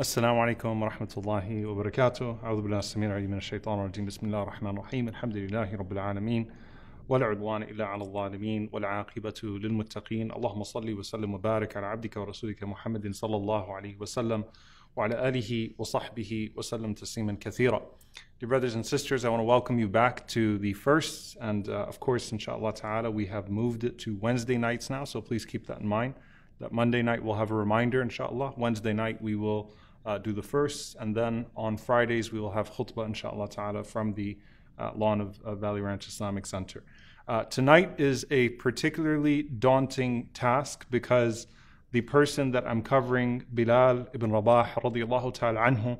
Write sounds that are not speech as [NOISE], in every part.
السلام عليكم ورحمة الله وبركاته أعوذ بالله السميع العليم من الشيطان الرجيم بسم الله الرحمن الرحيم الحمد لله رب العالمين ولا عدوان إلا على الظالمين والعاقبة للمتقين اللهم صل وسلم وبارك على عبدك ورسولك محمد صلى الله عليه وسلم وعلى آله وصحبه وسلم تسليما كثيرا Dear brothers and sisters, I want to welcome you back to the first and uh, of course inshallah ta'ala we have moved it to Wednesday nights now so please keep that in mind that Monday night we'll have a reminder inshallah Wednesday night we will uh, do the first, and then on Fridays we will have khutbah, inshallah ta'ala, from the uh, lawn of, of, Valley Ranch Islamic Center. Uh, tonight is a particularly daunting task because the person that I'm covering, Bilal ibn Rabah radiallahu ta'ala anhu,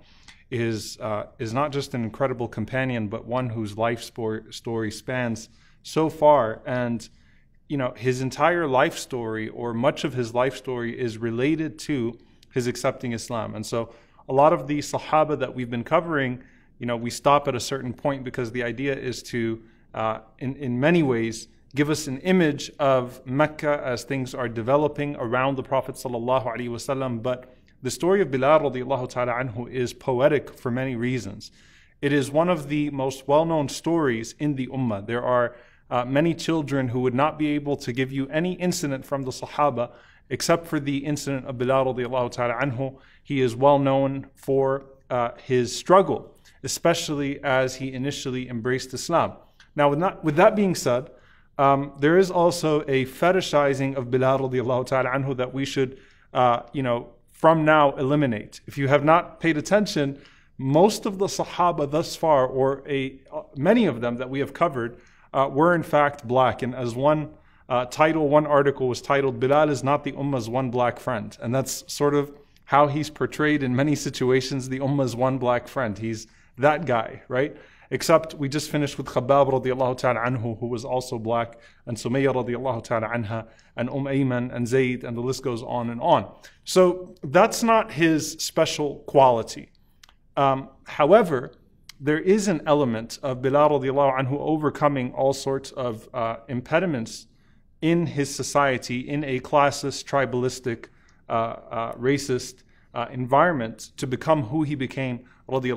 is, uh, is not just an incredible companion, but one whose life story spans so far. And, you know, his entire life story or much of his life story is related to his accepting Islam. And so a lot of the Sahaba that we've been covering, you know, we stop at a certain point because the idea is to, uh, in, in many ways, give us an image of Mecca as things are developing around the Prophet ﷺ. But the story of Bilal radiallahu ta'ala anhu is poetic for many reasons. It is one of the most well-known stories in the Ummah. There are uh, many children who would not be able to give you any incident from the Sahaba Except for the incident of Bilal radiallahu ta'ala anhu, he is well known for uh, his struggle, especially as he initially embraced Islam. Now, with, not, with that being said, um, there is also a fetishizing of Bilal radiallahu ta'ala anhu that we should, uh, you know, from now eliminate. If you have not paid attention, most of the Sahaba thus far, or a, uh, many of them that we have covered, uh, were in fact black. And as one uh, title, one article was titled, Bilal is not the Ummah's one black friend. And that's sort of how he's portrayed in many situations, the Ummah's one black friend. He's that guy, right? Except we just finished with Khabbab radiallahu ta'ala anhu, who was also black, and Sumayya radiallahu ta'ala anha, and Umm Ayman, and Zayd, and the list goes on and on. So that's not his special quality. Um, however, there is an element of Bilal radiallahu anhu overcoming all sorts of uh, impediments in his society in a classist, tribalistic, uh, uh, racist uh, environment to become who he became, ta'ala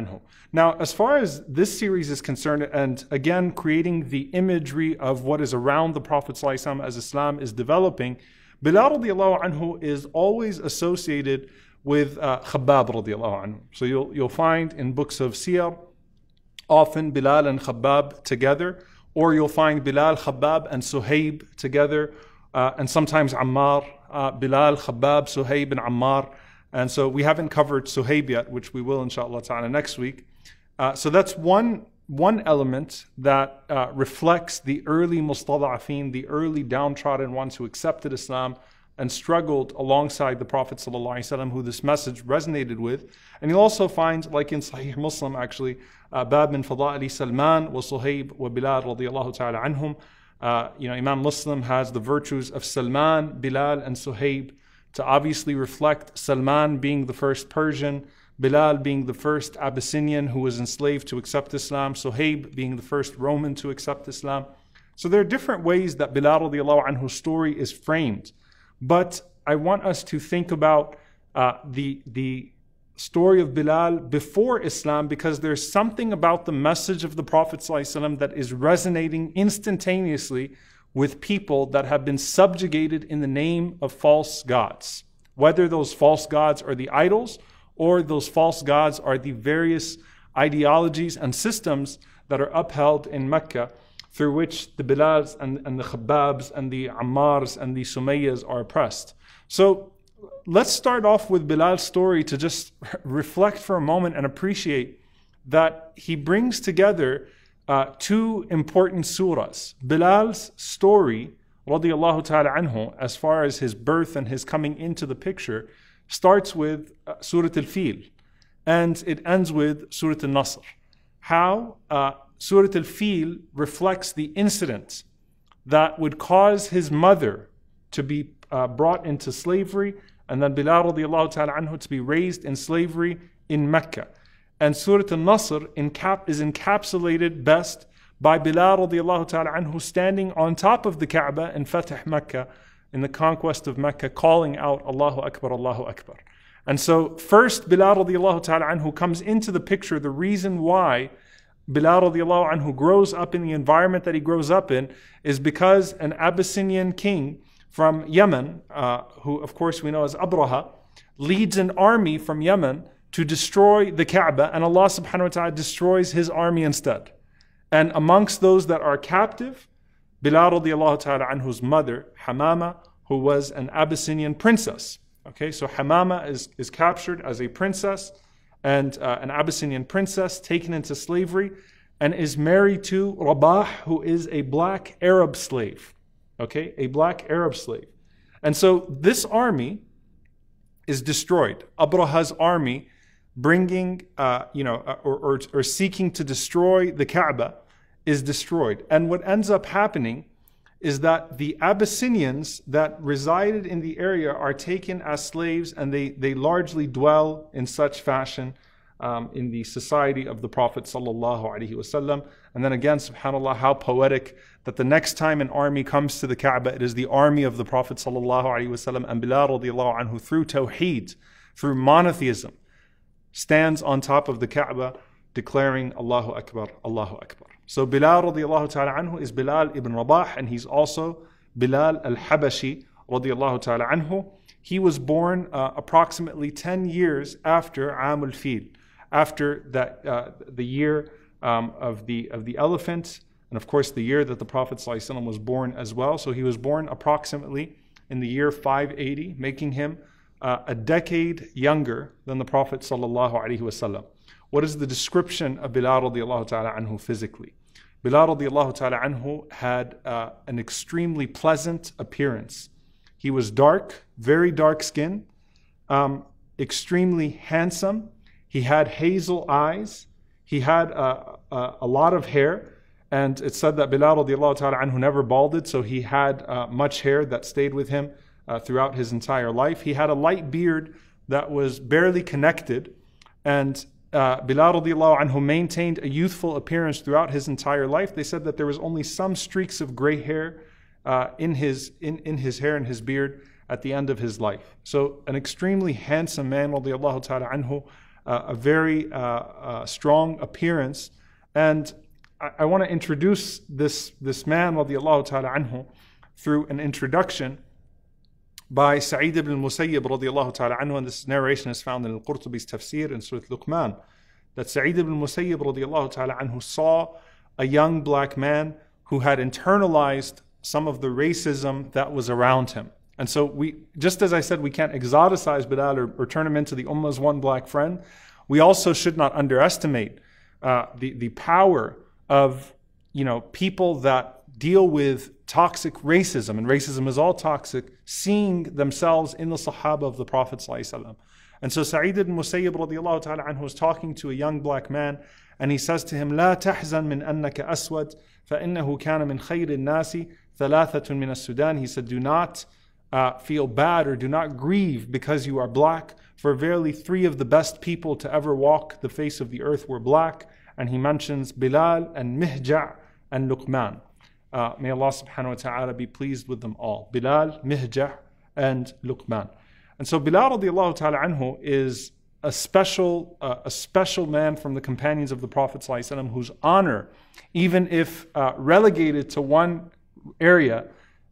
anhu. Now, as far as this series is concerned, and again, creating the imagery of what is around the Prophet as Islam is developing, Bilal radiallahu anhu is always associated with uh, Khabbab radiallahu anhu. So you'll, you'll find in books of seer, often Bilal and Khabbab together. Or you'll find Bilal, Khabbab, and Suhaib together, uh, and sometimes Ammar, uh, Bilal, Khabbab, Suhaib, and Ammar. And so we haven't covered Suhaib yet, which we will, inshallah ta'ala, next week. Uh, so that's one, one element that uh, reflects the early mustada'afin, the early downtrodden ones who accepted Islam and struggled alongside the Prophet ﷺ, who this message resonated with. And you'll also find, like in Sahih Muslim, actually, uh, Bab min Fada'ili Salman wa Suhaib wa Bilal radiallahu uh, you know, Imam Muslim has the virtues of Salman, Bilal, and Suhaib to obviously reflect Salman being the first Persian, Bilal being the first Abyssinian who was enslaved to accept Islam, Suhaib being the first Roman to accept Islam. So there are different ways that Bilal radiallahu anhu's story is framed. But I want us to think about uh, the, the story of Bilal before Islam because there's something about the message of the Prophet ﷺ that is resonating instantaneously with people that have been subjugated in the name of false gods, whether those false gods are the idols or those false gods are the various ideologies and systems that are upheld in Mecca through which the Bilals and, and the Khabbabs and the Ammars and the Sumayyas are oppressed. So let's start off with Bilal's story to just [LAUGHS] reflect for a moment and appreciate that he brings together uh, two important surahs. Bilal's story, radiallahu ta'ala anhu, as far as his birth and his coming into the picture, starts with uh, Surah Al Fil and it ends with Surah Al Nasr. How uh, Surah Al Fil reflects the incident that would cause his mother to be uh, brought into slavery and then Bilal radiallahu ta'ala anhu to be raised in slavery in Mecca. And Surah Al-Nasr encap- is encapsulated best by Bilal radiallahu ta'ala anhu standing on top of the Kaaba in Fatah Mecca, in the conquest of Mecca, calling out Allahu Akbar, Allahu Akbar. And so first Bilal radiallahu ta'ala anhu comes into the picture, the reason why Bilal radiallahu anhu grows up in the environment that he grows up in is because an Abyssinian king from Yemen, uh, who of course we know as Abraha, leads an army from Yemen to destroy the Kaaba, and Allah subhanahu wa ta'ala destroys his army instead. And amongst those that are captive, Bilal radiallahu ta'ala anhu's mother, Hamama, who was an Abyssinian princess. Okay, so Hamama is, is captured as a princess and uh, an Abyssinian princess taken into slavery and is married to Rabah, who is a black Arab slave okay, a black Arab slave. And so this army is destroyed. Abraha's army bringing, uh, you know, uh, or, or, or seeking to destroy the Kaaba is destroyed. And what ends up happening is that the Abyssinians that resided in the area are taken as slaves and they, they largely dwell in such fashion um, in the society of the Prophet sallallahu alaihi wasallam and then again, subhanAllah, how poetic that the next time an army comes to the Kaaba, it is the army of the Prophet وسلم, and Bilal anhu, through tawheed, through monotheism, stands on top of the Kaaba declaring Allahu Akbar, Allahu Akbar. So Bilal radiallahu ta'ala anhu is Bilal ibn Rabah and he's also Bilal al-Habashi He was born uh, approximately 10 years after Amul Fil, after that, uh, the year um, of, the, of the elephant, and of course the year that the Prophet ﷺ was born as well. So he was born approximately in the year 580, making him uh, a decade younger than the Prophet ﷺ. What is the description of Bilal ta'ala anhu physically? Bilal ta'ala anhu had uh, an extremely pleasant appearance. He was dark, very dark skin, um, extremely handsome. He had hazel eyes. He had a, uh, uh, a lot of hair. And it's said that Bilal radiallahu ta'ala never balded, so he had uh, much hair that stayed with him uh, throughout his entire life. He had a light beard that was barely connected. And uh, Bilal radiallahu anhu maintained a youthful appearance throughout his entire life. They said that there was only some streaks of gray hair uh, in, his, in, in his hair and his beard at the end of his life. So an extremely handsome man radiallahu ta'ala uh, a very uh, strong appearance and I, I want to introduce this, this man, radiallahu ta'ala anhu, through an introduction by Sa'id ibn al-Musayyib radiallahu ta'ala anhu, and this narration is found in al-Qurtubi's tafsir in Surah Luqman, that Sa'id ibn al-Musayyib radiallahu ta'ala anhu saw a young black man who had internalized some of the racism that was around him. And so we, just as I said, we can't exoticize Bilal or, or turn him into the Ummah's one black friend. We also should not underestimate uh, the, the power of you know people that deal with toxic racism, and racism is all toxic, seeing themselves in the Sahaba of the Prophet. And so Sa'id ibn Musayyib radiallahu ta'ala anhu was talking to a young black man, and he says to him, لا تحزن من أنك أسود فإنه كان من خير الناس ثلاثة من السودان. He said, do not uh, feel bad or do not grieve because you are black for verily, three of the best people to ever walk the face of the earth were black. And he mentions Bilal and Mihja' and Luqman. Uh, may Allah subhanahu wa ta'ala be pleased with them all. Bilal, Mihja' and Luqman. And so Bilal radiallahu ta'ala anhu is a special, uh, a special man from the companions of the Prophet whose honor, even if uh, relegated to one area,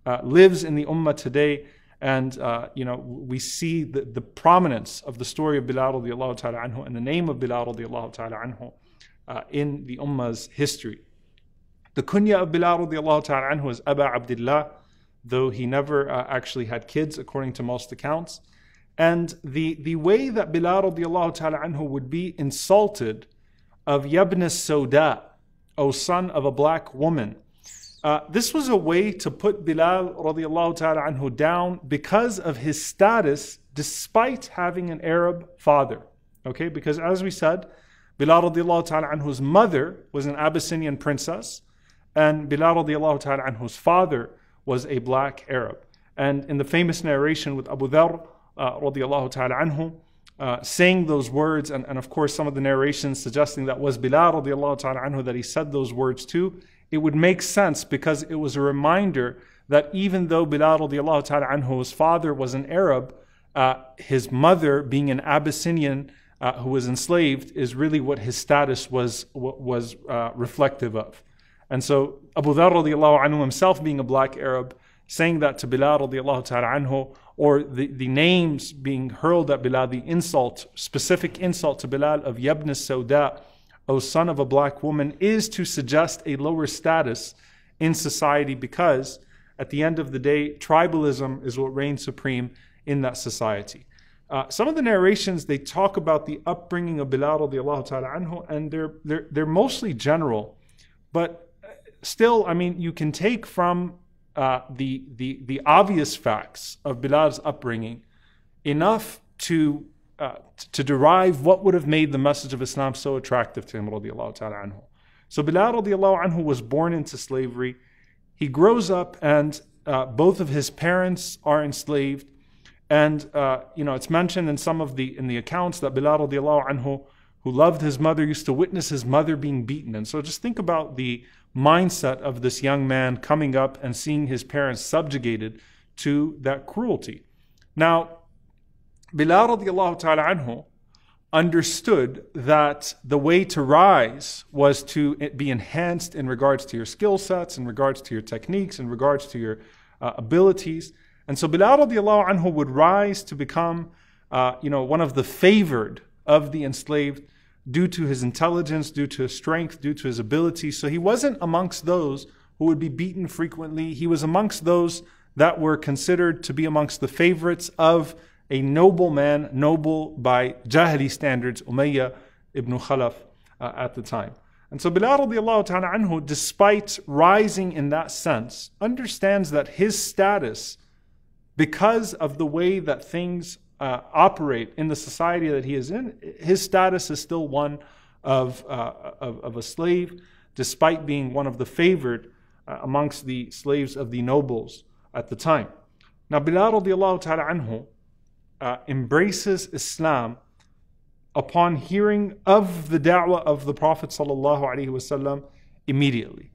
uh, lives in the ummah today and uh, you know, we see the, the prominence of the story of Bilal radiallahu ta'ala anhu and the name of Bilal radiallahu ta'ala anhu uh, in the Ummah's history. The kunya of Bilal radiallahu ta'ala anhu is Aba Abdullah, though he never uh, actually had kids according to most accounts. And the, the way that Bilal radiallahu ta'ala anhu would be insulted of Yabna Soda, O son of a black woman, uh, this was a way to put Bilal radiallahu ta'ala anhu down because of his status despite having an Arab father. Okay, because as we said, Bilal radiallahu ta'ala anhu's mother was an Abyssinian princess and Bilal radiallahu ta'ala anhu's father was a black Arab. And in the famous narration with Abu Dhar uh, radiallahu ta'ala anhu, uh, saying those words, and, and of course some of the narrations suggesting that was Bilal radiallahu ta'ala anhu that he said those words too, it would make sense because it was a reminder that even though Bilal radiallahu ta'ala anhu, father was an Arab, uh, his mother being an Abyssinian uh, who was enslaved is really what his status was, was uh, reflective of. And so Abu Dhar al anhu himself being a black Arab, saying that to Bilal radiallahu ta'ala anhu, or the, the names being hurled at Bilal, the insult, specific insult to Bilal of Yabnis al O son of a black woman, is to suggest a lower status in society because, at the end of the day, tribalism is what reigns supreme in that society. Uh, some of the narrations they talk about the upbringing of Bilal radiallahu ta'ala anhu, and they're, they're, they're mostly general, but uh, still, I mean, you can take from uh, the, the, the obvious facts of Bilal's upbringing enough to uh, to derive what would have made the message of Islam so attractive to him, anhu. So Bilal radiallahu anhu was born into slavery. He grows up and uh, both of his parents are enslaved. And, uh, you know, it's mentioned in some of the, in the accounts that Bilal radiallahu anhu, who loved his mother, used to witness his mother being beaten. And so just think about the mindset of this young man coming up and seeing his parents subjugated to that cruelty. Now, Bilal radiallahu ta'ala anhu understood that the way to rise was to be enhanced in regards to your skill sets, in regards to your techniques, in regards to your uh, abilities. And so Bilal radiallahu anhu would rise to become, uh, you know, one of the favored of the enslaved due to his intelligence, due to his strength, due to his ability. So he wasn't amongst those who would be beaten frequently. He was amongst those that were considered to be amongst the favorites of a noble man, noble by Jahili standards, Umayyah ibn Khalaf uh, at the time. And so Bilal radiallahu ta'ala anhu, despite rising in that sense, understands that his status, because of the way that things uh, operate in the society that he is in, his status is still one of, uh, of, of, a slave, despite being one of the favored uh, amongst the slaves of the nobles at the time. Now Bilal radiallahu ta'ala anhu, uh, embraces Islam upon hearing of the da'wah of the Prophet وسلم, immediately.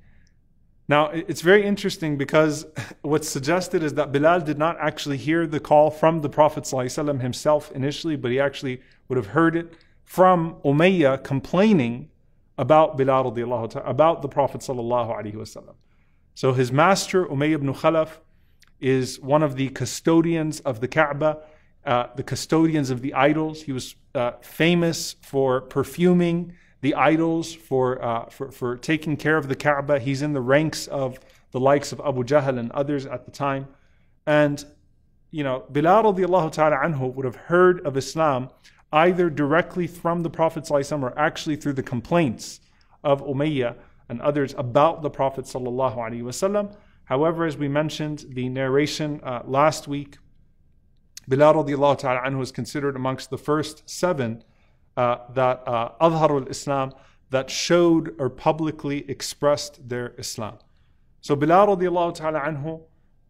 Now, it's very interesting because [LAUGHS] what's suggested is that Bilal did not actually hear the call from the Prophet ﷺ himself initially, but he actually would have heard it from Umayyah complaining about Bilal about the Prophet ﷺ. So his master, Umayyah ibn Khalaf, is one of the custodians of the Kaaba uh, the custodians of the idols. He was uh, famous for perfuming the idols, for, uh, for, for taking care of the Kaaba. He's in the ranks of the likes of Abu Jahl and others at the time. And, you know, Bilal radiallahu ta'ala anhu would have heard of Islam either directly from the Prophet or actually through the complaints of Umayyah and others about the Prophet. However, as we mentioned the narration uh, last week Bilal radiallahu ta'ala anhu is considered amongst the first seven uh, that uh, Adharul Islam that showed or publicly expressed their Islam. So Bilal radiallahu ta'ala anhu,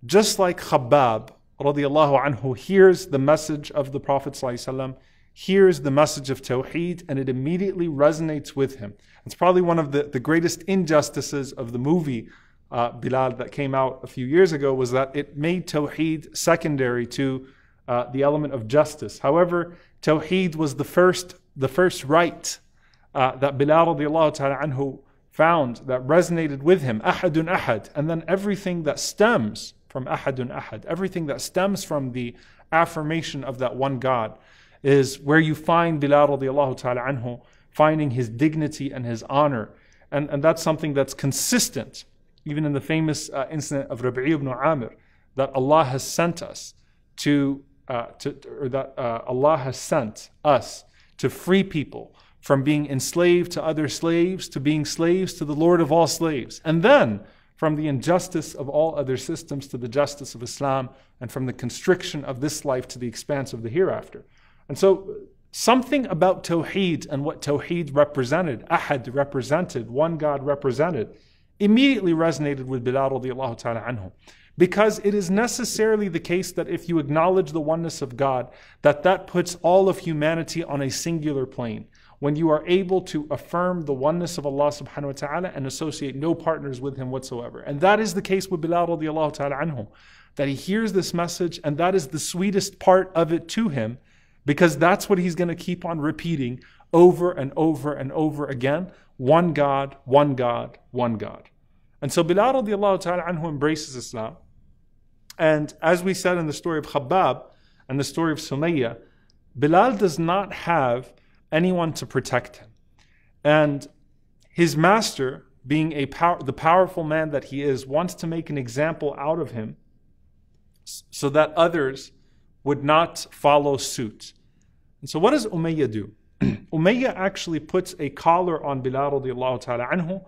just like Khabbab radiallahu anhu hears the message of the Prophet sallallahu hears the message of Tawheed and it immediately resonates with him. It's probably one of the, the greatest injustices of the movie uh, Bilal that came out a few years ago was that it made Tawheed secondary to uh, the element of justice. However, Tawheed was the first, the first right uh, that Bilal radiallahu ta'ala anhu found that resonated with him, ahadun ahad, and then everything that stems from ahadun ahad, everything that stems from the affirmation of that one God is where you find Bilal radiallahu ta'ala anhu finding his dignity and his honor. And, and that's something that's consistent, even in the famous uh, incident of Rabi'i ibn Amir, that Allah has sent us to uh, to, or that uh, Allah has sent us to free people from being enslaved to other slaves to being slaves to the Lord of all slaves, and then from the injustice of all other systems to the justice of Islam, and from the constriction of this life to the expanse of the hereafter. And so, something about Tawheed and what Tawheed represented, Ahad represented, one God represented, immediately resonated with Bilal radiallahu ta'ala anhu because it is necessarily the case that if you acknowledge the oneness of God, that that puts all of humanity on a singular plane. When you are able to affirm the oneness of Allah subhanahu wa ta'ala and associate no partners with Him whatsoever. And that is the case with Bilal radiallahu ta'ala anhu, that he hears this message and that is the sweetest part of it to him because that's what he's going to keep on repeating over and over and over again one God, one God, one God. And so Bilal radiallahu ta'ala anhu embraces Islam and as we said in the story of Khabbab and the story of Sumayya, Bilal does not have anyone to protect him. And his master, being a the powerful man that he is, wants to make an example out of him so that others would not follow suit. And so what does Umayyah do? [CLEARS THROAT] Umayyah actually puts a collar on Bilal radiallahu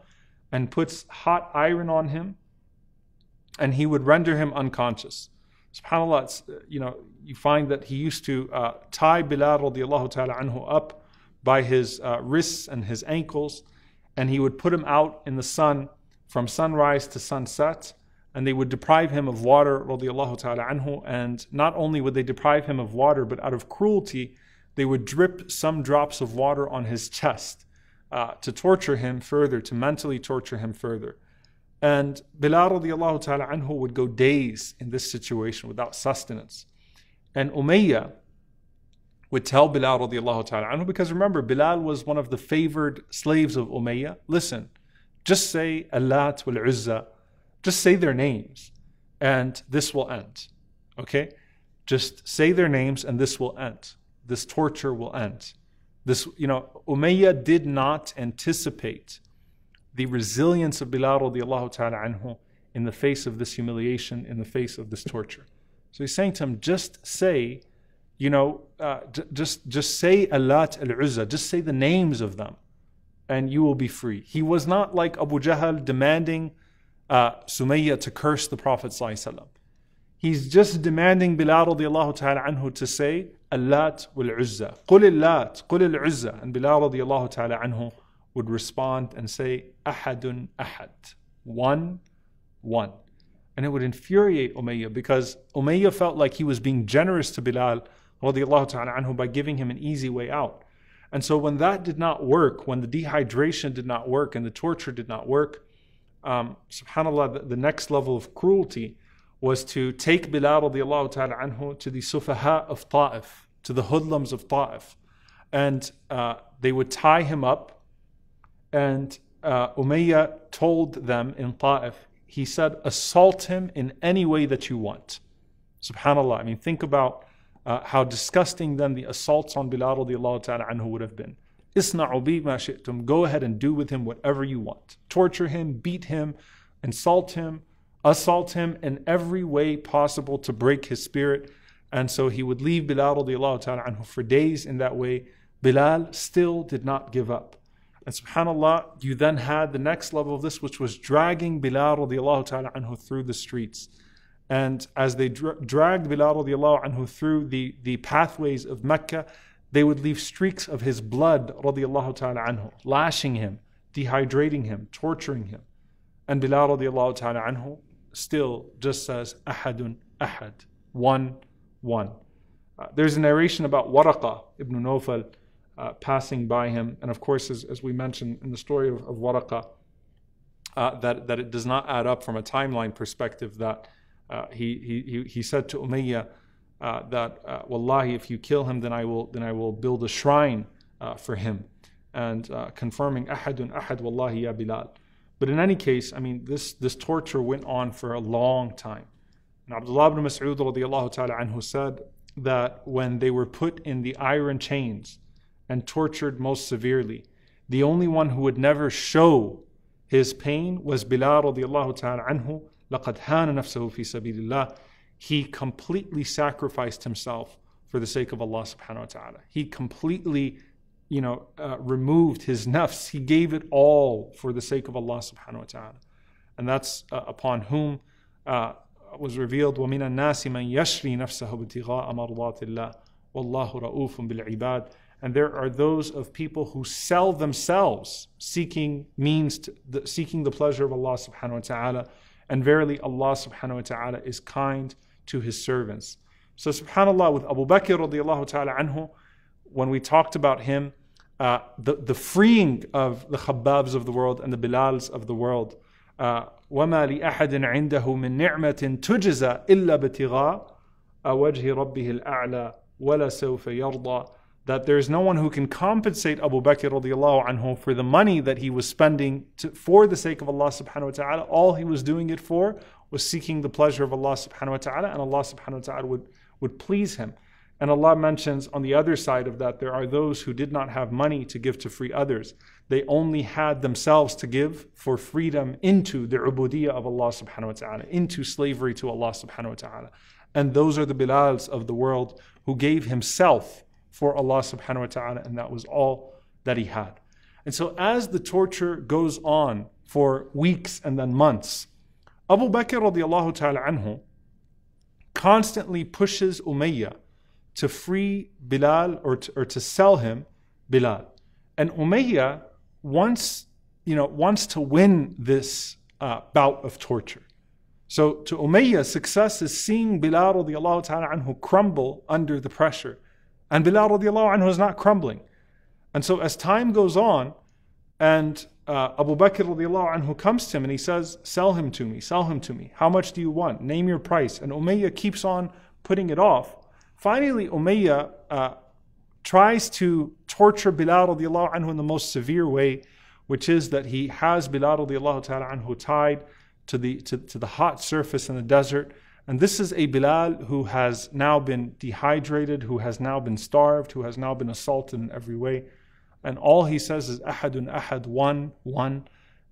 and puts hot iron on him and he would render him unconscious. SubhanAllah, uh, you know, you find that he used to uh, tie Bilal radiallahu ta'ala anhu up by his uh, wrists and his ankles, and he would put him out in the sun from sunrise to sunset, and they would deprive him of water radiallahu ta'ala anhu. And not only would they deprive him of water, but out of cruelty, they would drip some drops of water on his chest uh, to torture him further, to mentally torture him further. And Bilal radiallahu ta'ala would go days in this situation without sustenance. And Umayyah would tell Bilal radiallahu ta'ala because remember, Bilal was one of the favored slaves of Umayyah. Listen, just say Allah wal Uzza, just say their names, and this will end. Okay? Just say their names and this will end. This torture will end. This, you know, Umayyah did not anticipate the resilience of Bilal radiallahu ta'ala anhu in the face of this humiliation, in the face of this torture. So he's saying to him, just say, you know, uh, j- just just say Alat al Uzza, just say the names of them, and you will be free. He was not like Abu Jahl demanding uh, Sumayya to curse the Prophet He's just demanding Bilal radiallahu ta'ala anhu to say Alat wal Uzza, Qul Alat, Qul and Bilal radiallahu ta'ala anhu would respond and say, Ahadun Ahad, one, one. And it would infuriate Umayyah because Umayyah felt like he was being generous to Bilal ta'ala anhu by giving him an easy way out. And so when that did not work, when the dehydration did not work and the torture did not work, um, subhanAllah, the, the, next level of cruelty was to take Bilal ta'ala anhu to the sufaha of Ta'if, to the hoodlums of Ta'if. And uh, they would tie him up and uh, Umayyah told them in Ta'if, he said, assault him in any way that you want. SubhanAllah. I mean, think about uh, how disgusting then the assaults on Bilal radiallahu ta'ala anhu would have been. Isna'u bi ma shi'tum. Go ahead and do with him whatever you want. Torture him, beat him, insult him, assault him in every way possible to break his spirit. And so he would leave Bilal radiallahu ta'ala anhu for days in that way. Bilal still did not give up. And subhanAllah, you then had the next level of this, which was dragging Bilal radiallahu ta'ala anhu through the streets. And as they dra- dragged Bilal radiallahu anhu through the, the pathways of Mecca, they would leave streaks of his blood radiallahu ta'ala anhu, lashing him, dehydrating him, torturing him. And Bilal radiallahu ta'ala anhu still just says, Ahadun, Ahad, one, one. Uh, there's a narration about Waraqa ibn Nawfal uh, passing by him. And of course, as, as we mentioned in the story of, of Waraka, uh, that, that it does not add up from a timeline perspective that uh, he, he, he said to Umayyah uh, that, uh, Wallahi, if you kill him, then I will, then I will build a shrine uh, for him. And confirming, Ahadun Ahad Wallahi Ya Bilal. But in any case, I mean, this, this torture went on for a long time. And Abdullah ibn Mas'ud radiallahu said that when they were put in the iron chains, and tortured most severely. The only one who would never show his pain was Bilal radiallahu ta'ala anhu. لَقَدْ هَانَ نَفْسَهُ فِي سَبِيلِ اللَّهِ He completely sacrificed himself for the sake of Allah subhanahu wa ta'ala. He completely you know, uh, removed his nafs. He gave it all for the sake of Allah subhanahu wa ta'ala. And that's uh, upon whom uh, was revealed, وَمِنَ النَّاسِ مَنْ يَشْرِي نَفْسَهُ بِابْتِغَاءَ مَرْضَاتِ اللَّهِ وَاللَّهُ رَؤُوفٌ بِالْعِبَادِ and there are those of people who sell themselves seeking means to the, seeking the pleasure of Allah subhanahu wa ta'ala and verily Allah subhanahu wa ta'ala is kind to his servants so subhanallah with Abu Bakr radiallahu ta'ala anhu when we talked about him uh, the, the freeing of the Khabbabs of the world and the Bilals of the world uh, وما لأحد عنده من نعمة تجزى إلا ابتغاء وجه ربه الأعلى ولا سوف يرضى that there's no one who can compensate Abu Bakr radiallahu anhu for the money that he was spending to, for the sake of Allah subhanahu wa ta'ala. All he was doing it for was seeking the pleasure of Allah subhanahu wa ta'ala, and Allah subhanahu wa ta'ala would, would please him. And Allah mentions on the other side of that, there are those who did not have money to give to free others. They only had themselves to give for freedom into the ubudiyah of Allah subhanahu wa ta'ala, into slavery to Allah subhanahu wa ta'ala. And those are the Bilals of the world who gave himself for Allah subhanahu wa ta'ala, and that was all that he had. And so, as the torture goes on for weeks and then months, Abu Bakr radiallahu ta'ala anhu constantly pushes Umayyah to free Bilal or to, or to sell him Bilal. And Umayyah wants, you know, wants to win this uh, bout of torture. So to Umayyah, success is seeing Bilal radiallahu ta'ala anhu crumble under the pressure and Bilal radiallahu anhu is not crumbling. And so as time goes on, and uh, Abu Bakr radiallahu anhu comes to him and he says, Sell him to me, sell him to me. How much do you want? Name your price. And Umayyah keeps on putting it off. Finally, Umayyah uh, tries to torture Bilal radiallahu anhu in the most severe way, which is that he has Bilal radiallahu ta'ala anhu tied to the, to, to the hot surface in the desert and this is a Bilal who has now been dehydrated, who has now been starved, who has now been assaulted in every way. And all he says is Ahadun Ahad, one, one.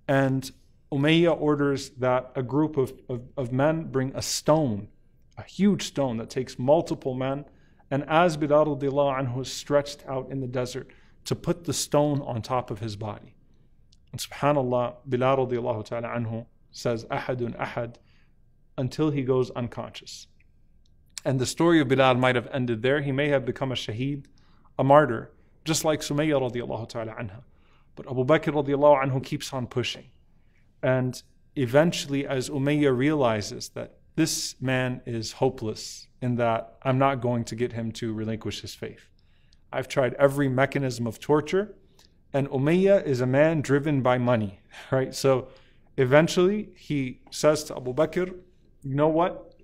And Umayyah orders that a group of, of, of men bring a stone, a huge stone that takes multiple men. And as Bilal anhu is stretched out in the desert, to put the stone on top of his body. And subhanAllah, Bilal ta'ala anhu says, Ahadun Ahad, until he goes unconscious. And the story of Bilal might have ended there. He may have become a shaheed, a martyr, just like Sumayya radiallahu ta'ala anha. But Abu Bakr radiallahu anhu keeps on pushing. And eventually, as Umayya realizes that this man is hopeless in that I'm not going to get him to relinquish his faith. I've tried every mechanism of torture, and Umayya is a man driven by money, [LAUGHS] right? So eventually he says to Abu Bakr, you know what?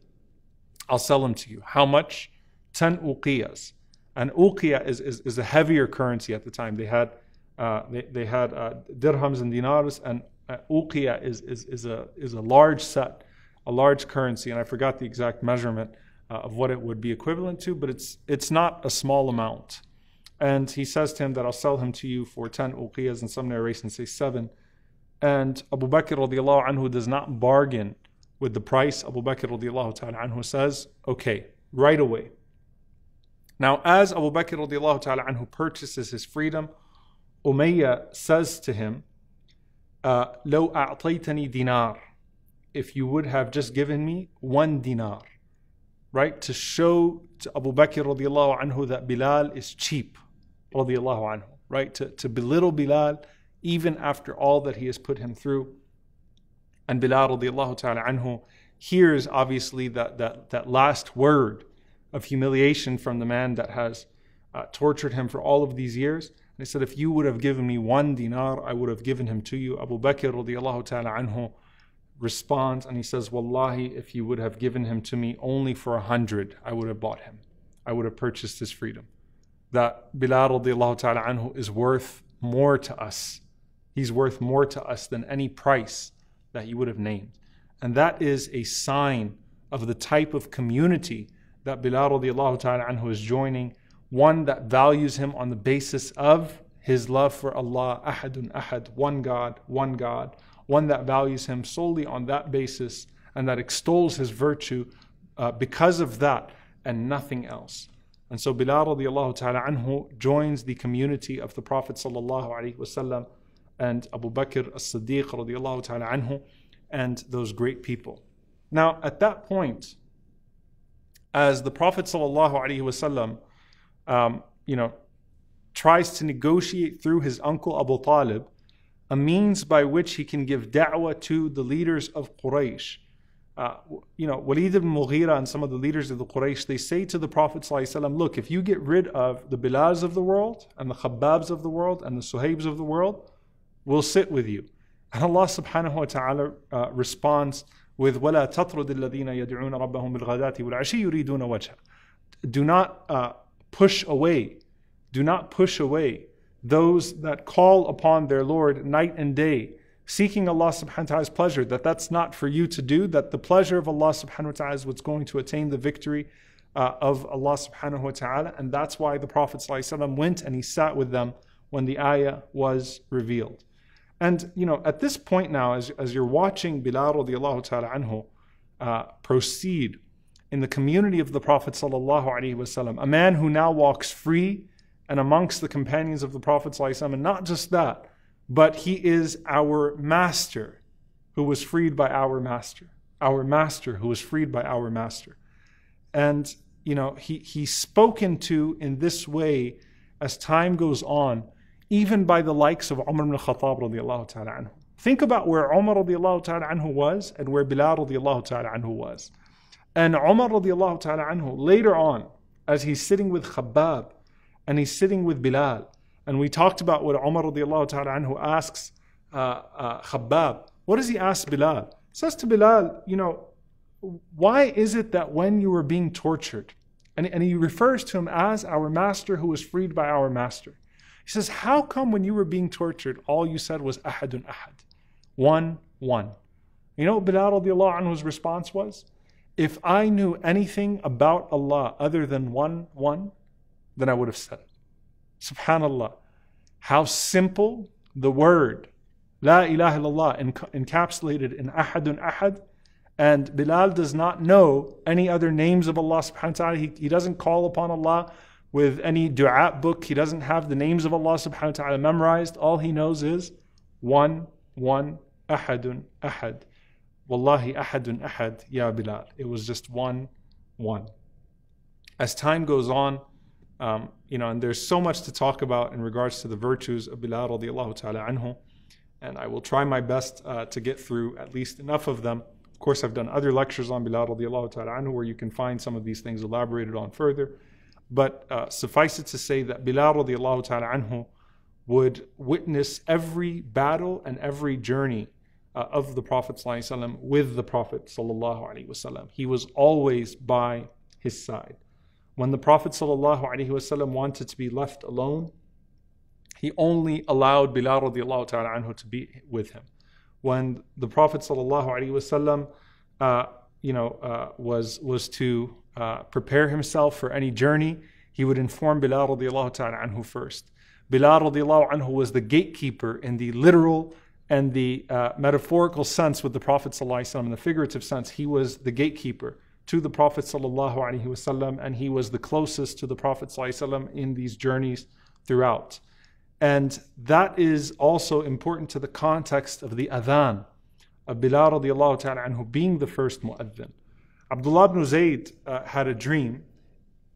I'll sell them to you. How much? 10 uqiyas. And uqiya is, is, is a heavier currency at the time. They had, uh, they, they had uh, dirhams and dinars, and uh, uqiya is, is, is, a, is a large set, a large currency. And I forgot the exact measurement uh, of what it would be equivalent to, but it's, it's not a small amount. And he says to him that I'll sell him to you for 10 uqiyas, and some narrations say seven. And Abu Bakr radiallahu anhu does not bargain with the price, Abu Bakr radiallahu ta'ala anhu says, okay, right away. Now, as Abu Bakr radiallahu ta'ala anhu purchases his freedom, Umayyah says to him, لو أعطيتني دينار if you would have just given me one dinar, right? To show to Abu Bakr radiallahu anhu that Bilal is cheap, anhu, right? To, to belittle Bilal even after all that he has put him through. And Bilal radiallahu ta'ala anhu hears obviously that, that, that last word of humiliation from the man that has uh, tortured him for all of these years. And he said, If you would have given me one dinar, I would have given him to you. Abu Bakr radiallahu ta'ala anhu responds and he says, Wallahi, if you would have given him to me only for a hundred, I would have bought him. I would have purchased his freedom. That Bilal radiallahu ta'ala anhu is worth more to us. He's worth more to us than any price that he would have named. And that is a sign of the type of community that Bilal radiallahu ta'ala anhu is joining, one that values him on the basis of his love for Allah, ahadun ahad, one God, one God, one that values him solely on that basis and that extols his virtue uh, because of that and nothing else. And so Bilal radiallahu ta'ala anhu joins the community of the Prophet sallallahu alaihi wasallam and Abu Bakr as Siddiq radiallahu ta'ala anhu and those great people. Now, at that point, as the Prophet sallallahu alaihi wasallam, um, you know, tries to negotiate through his uncle Abu Talib a means by which he can give da'wah to the leaders of Quraysh. Uh, you know, Walid ibn Mughira and some of the leaders of the Quraysh, they say to the Prophet ﷺ, look, if you get rid of the Bilals of the world and the Khabbabs of the world and the Suhaibs of the world, will sit with you. And Allah subhanahu wa ta'ala uh, responds with وَلَا تَطْرُدِ الَّذِينَ يَدْعُونَ رَبَّهُمْ بِالْغَدَاةِ وَالْعَشِيِّ يُرِيدُونَ وَجْهَ Do not uh, push away. Do not push away those that call upon their Lord night and day, seeking Allah subhanahu wa ta'ala's pleasure, that that's not for you to do, that the pleasure of Allah subhanahu wa ta'ala is what's going to attain the victory uh, of Allah subhanahu wa ta'ala. And that's why the Prophet went and he sat with them when the ayah was revealed. And you know, at this point now, as, as you're watching Bilal radiallahu ta'ala anhu uh, proceed in the community of the Prophet wasallam, a man who now walks free and amongst the companions of the Prophet sallallahu and not just that, but he is our master who was freed by our master, our master who was freed by our master. And you know, he, he's spoken to in this way as time goes on even by the likes of Umar ibn Khattab radiallahu ta'ala anhu. Think about where Umar radiallahu ta'ala anhu was and where Bilal radiallahu ta'ala was. And Umar radiallahu ta'ala later on, as he's sitting with Khabbab and he's sitting with Bilal, and we talked about what Umar radiallahu ta'ala anhu asks uh, uh, Khabbab. What does he ask Bilal? He says to Bilal, you know, why is it that when you were being tortured, and, and he refers to him as our master who was freed by our master. He says, How come when you were being tortured, all you said was ahadun ahad? One, one. You know what Bilal anhu's response was? If I knew anything about Allah other than one, one, then I would have said it. Subhanallah. How simple the word La ilaha illallah encapsulated in ahadun ahad. And Bilal does not know any other names of Allah subhanahu wa ta'ala. He, he doesn't call upon Allah with any dua book. He doesn't have the names of Allah subhanahu wa ta'ala memorized. All he knows is one, one, ahadun, ahad. Wallahi ahadun ahad ya Bilal. It was just one, one. As time goes on, um, you know, and there's so much to talk about in regards to the virtues of Bilal radiallahu ta'ala anhu, and I will try my best uh, to get through at least enough of them. Of course, I've done other lectures on Bilal radiallahu ta'ala anhu where you can find some of these things elaborated on further. But uh, suffice it to say that Bilal radiallahu ta'ala anhu would witness every battle and every journey uh, of the Prophet وسلم, with the Prophet. He was always by his side. When the Prophet wanted to be left alone, he only allowed Bilal radiallahu ta'ala anhu to be with him. When the Prophet وسلم, uh, you know, uh, was, was to uh, prepare himself for any journey, he would inform Bilal radiallahu ta'ala anhu first. Bilal radiallahu anhu was the gatekeeper in the literal and the uh, metaphorical sense with the Prophet وسلم, in the figurative sense, he was the gatekeeper to the Prophet وسلم, and he was the closest to the Prophet وسلم, in these journeys throughout. And that is also important to the context of the adhan of Bilal radiallahu ta'ala anhu being the first mu'adhin. Abdullah ibn Zayd uh, had a dream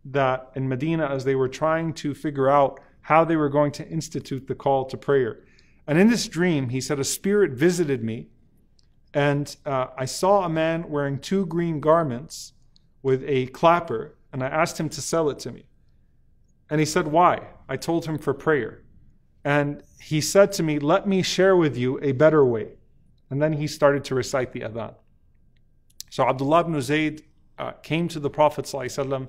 that in Medina, as they were trying to figure out how they were going to institute the call to prayer. And in this dream, he said, A spirit visited me, and uh, I saw a man wearing two green garments with a clapper, and I asked him to sell it to me. And he said, Why? I told him for prayer. And he said to me, Let me share with you a better way. And then he started to recite the adhan. So Abdullah ibn Zayd uh, came to the Prophet ﷺ